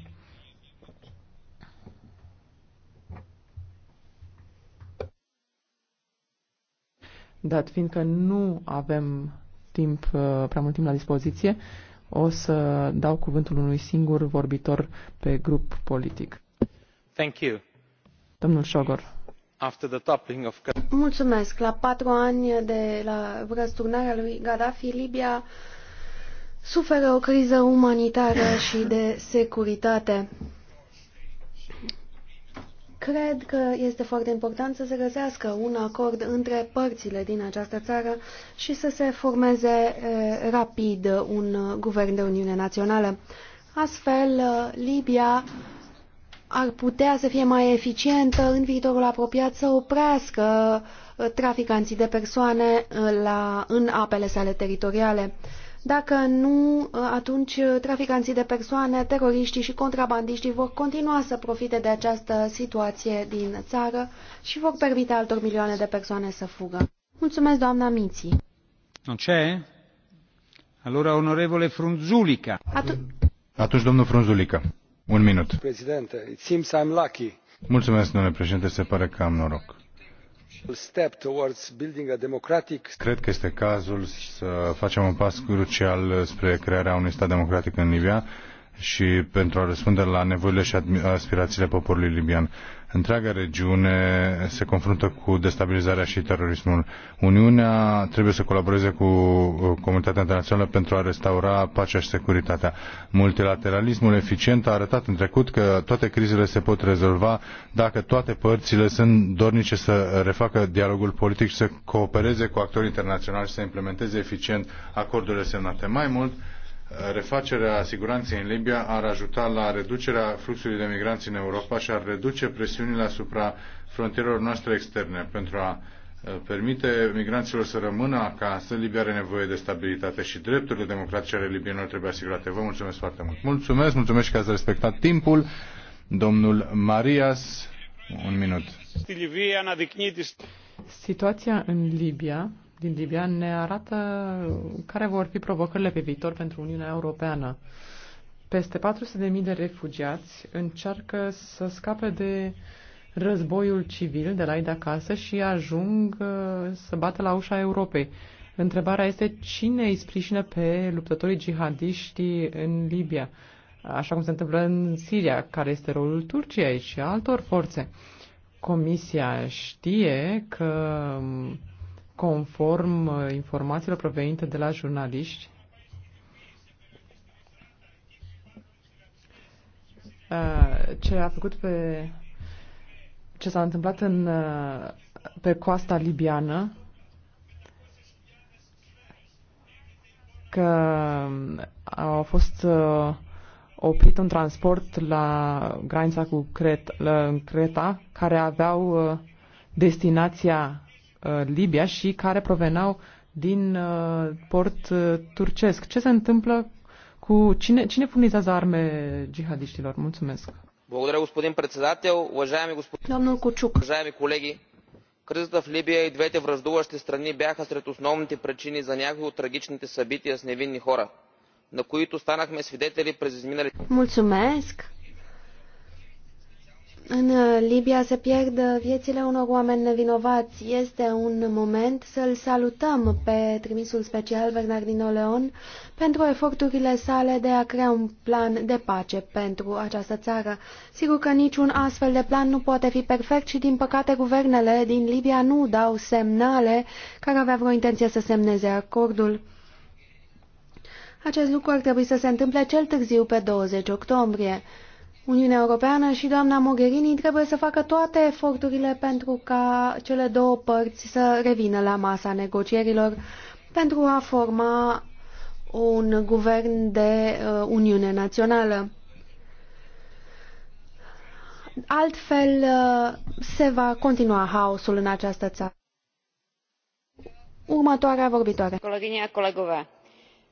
Dat fiindcă nu avem timp, uh, prea mult timp la dispoziție, o să dau cuvântul unui singur vorbitor pe grup politic. Thank you. Domnul Șogor. After the toppling of... Mulțumesc. La patru ani de la răsturnarea lui Gaddafi, Libia suferă o criză umanitară și de securitate. Cred că este foarte important să se găsească un acord între părțile din această țară și să se formeze rapid un guvern de Uniune Națională. Astfel, Libia ar putea să fie mai eficientă în viitorul apropiat să oprească traficanții de persoane la, în apele sale teritoriale. Dacă nu, atunci traficanții de persoane, teroriștii și contrabandiștii vor continua să profite de această situație din țară și vor permite altor milioane de persoane să fugă. Mulțumesc, doamna Miții. Nu ce? Alora, onorevole Frunzulica. Atu atunci, domnul Frunzulica, un minut. Președinte, it seems I'm lucky. Mulțumesc, domnule președinte, se pare că am noroc. Cred că este cazul să facem un pas crucial spre crearea unui stat democratic în Libia și pentru a răspunde la nevoile și aspirațiile poporului libian întreaga regiune se confruntă cu destabilizarea și terorismul. Uniunea trebuie să colaboreze cu uh, comunitatea internațională pentru a restaura pacea și securitatea. Multilateralismul eficient a arătat în trecut că toate crizele se pot rezolva dacă toate părțile sunt dornice să refacă dialogul politic și să coopereze cu actorii internaționali și să implementeze eficient acordurile semnate. Mai mult, refacerea siguranței în Libia ar ajuta la reducerea fluxului de migranți în Europa și ar reduce presiunile asupra frontierelor noastre externe pentru a uh, permite migranților să rămână acasă. Libia are nevoie de stabilitate și drepturile democratice ale libienilor trebuie asigurate. Vă mulțumesc foarte mult. Mulțumesc, mulțumesc că ați respectat timpul. Domnul Marias, un minut. Situația în Libia din Libia ne arată care vor fi provocările pe viitor pentru Uniunea Europeană. Peste 400.000 de refugiați încearcă să scape de războiul civil de la ei de acasă și ajung uh, să bată la ușa Europei. Întrebarea este cine îi sprijină pe luptătorii jihadiști în Libia, așa cum se întâmplă în Siria, care este rolul Turciei și altor forțe. Comisia știe că um, conform uh, informațiilor provenite de la jurnaliști, uh, ce a făcut pe ce s-a întâmplat în, uh, pe coasta libiană, că a fost oprit un transport la granița cu Creta, la Creta care aveau destinația Libia și care provenau din port turcesc. Ce se întâmplă cu cine, cine furnizează arme jihadiștilor? Mulțumesc. Благодаря, господин председател. Уважаеми господин... Domnul Кучук. Уважаеми колеги, кризата в Либия и двете враждуващи страни бяха сред основните причини за някои от трагичните събития с невинни хора, на които станахме свидетели през изминалите... Мулцумеск. În uh, Libia se pierd uh, viețile unor oameni nevinovați. Este un moment să-l salutăm pe trimisul special Bernardino Leon pentru eforturile sale de a crea un plan de pace pentru această țară. Sigur că niciun astfel de plan nu poate fi perfect și, din păcate, guvernele din Libia nu dau semnale care avea vreo intenție să semneze acordul. Acest lucru ar trebui să se întâmple cel târziu pe 20 octombrie. Uniunea Europeană și doamna Mogherini trebuie să facă toate eforturile pentru ca cele două părți să revină la masa negocierilor pentru a forma un guvern de uh, Uniune Națională. Altfel uh, se va continua haosul în această țară. Următoarea vorbitoare. Colegii, colegove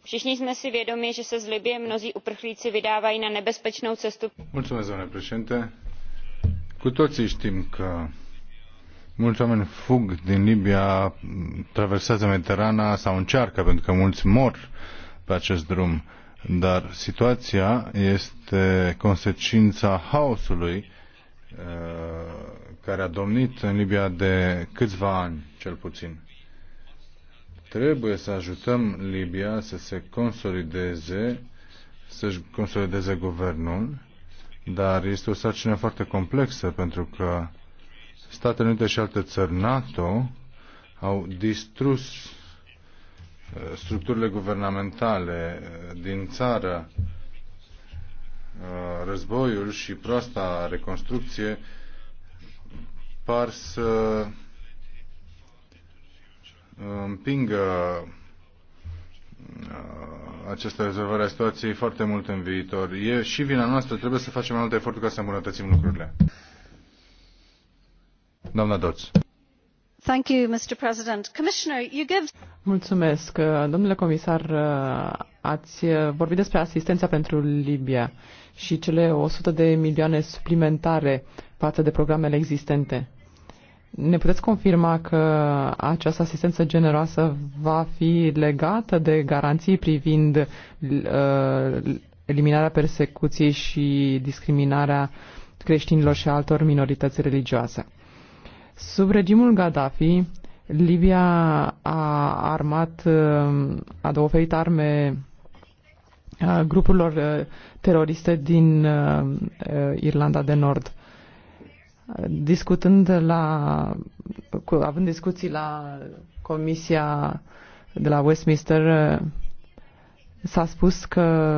všichni jsme si vědomi že se z libye mnozí uprchlíci vydávají na nebezpečnou cestu. domnule președinte cu toții știm că mulți oameni fug din libia traversează mediterana sau încearcă pentru că mulți mor pe acest drum dar situația este consecința haosului uh, care a domnit în Libia de câțiva ani, cel puțin. Trebuie să ajutăm Libia să se consolideze, să-și consolideze guvernul, dar este o sarcină foarte complexă pentru că Statele Unite și alte țări NATO au distrus uh, structurile guvernamentale uh, din țară, uh, războiul și proasta reconstrucție par să împingă uh, aceste rezolvare a situației foarte mult în viitor. E și vina noastră, trebuie să facem mai multe eforturi ca să îmbunătățim lucrurile. Doamna Doț. Thank you, Mr. President. Commissioner, you give... Mulțumesc. Domnule comisar, ați vorbit despre asistența pentru Libia și cele 100 de milioane suplimentare față de programele existente. Ne puteți confirma că această asistență generoasă va fi legată de garanții privind uh, eliminarea persecuției și discriminarea creștinilor și altor minorități religioase. Sub regimul Gaddafi, Libia a armat, uh, a oferit arme uh, grupurilor uh, teroriste din Irlanda de Nord discutând la, cu, având discuții la comisia de la Westminster, s-a spus că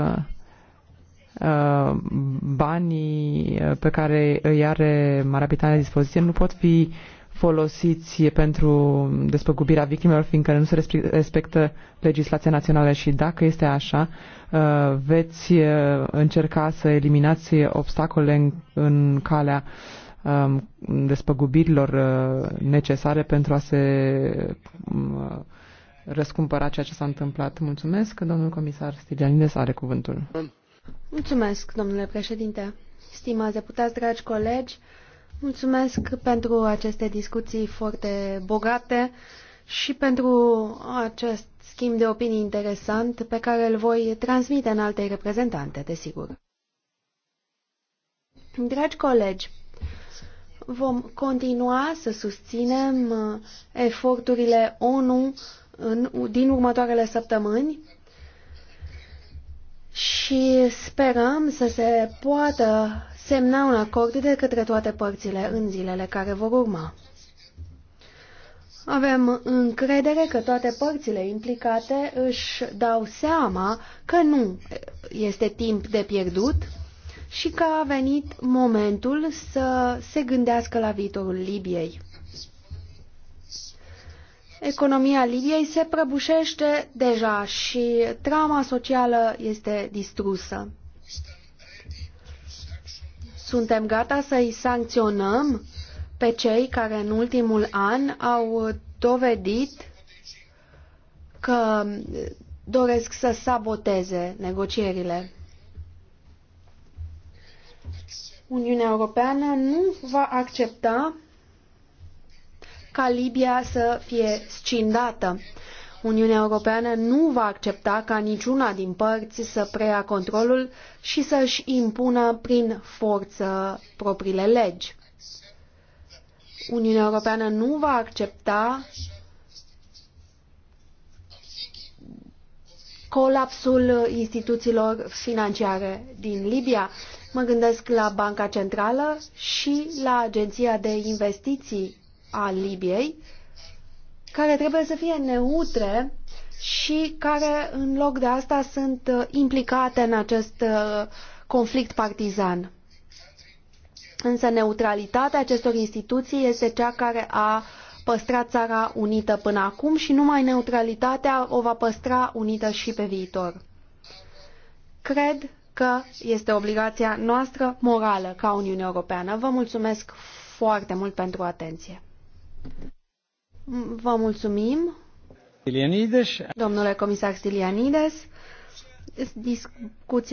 uh, banii pe care îi are Marea Britanie la dispoziție nu pot fi folosiți pentru despăgubirea victimelor, fiindcă nu se respectă legislația națională și dacă este așa, uh, veți uh, încerca să eliminați obstacole în, în calea Um, despăgubirilor uh, necesare pentru a se um, uh, răscumpăra ceea ce s-a întâmplat. Mulțumesc. Domnul comisar Stilianides are cuvântul. Mulțumesc, domnule președinte. Stimați deputați, dragi colegi, mulțumesc pentru aceste discuții foarte bogate și pentru acest schimb de opinii interesant pe care îl voi transmite în alte reprezentante, desigur. Dragi colegi, Vom continua să susținem uh, eforturile ONU în, din următoarele săptămâni și sperăm să se poată semna un acord de către toate părțile în zilele care vor urma. Avem încredere că toate părțile implicate își dau seama că nu este timp de pierdut și că a venit momentul să se gândească la viitorul Libiei. Economia Libiei se prăbușește deja și trama socială este distrusă. Suntem gata să îi sancționăm pe cei care în ultimul an au dovedit că doresc să saboteze negocierile. Uniunea Europeană nu va accepta ca Libia să fie scindată. Uniunea Europeană nu va accepta ca niciuna din părți să preia controlul și să-și impună prin forță propriile legi. Uniunea Europeană nu va accepta colapsul instituțiilor financiare din Libia Mă gândesc la Banca Centrală și la Agenția de Investiții a Libiei, care trebuie să fie neutre și care, în loc de asta, sunt uh, implicate în acest uh, conflict partizan. Însă neutralitatea acestor instituții este cea care a păstrat țara unită până acum și numai neutralitatea o va păstra unită și pe viitor. Cred că este obligația noastră morală ca Uniune Europeană. Vă mulțumesc foarte mult pentru atenție. Vă mulțumim. Domnule comisar Stilianides, discuția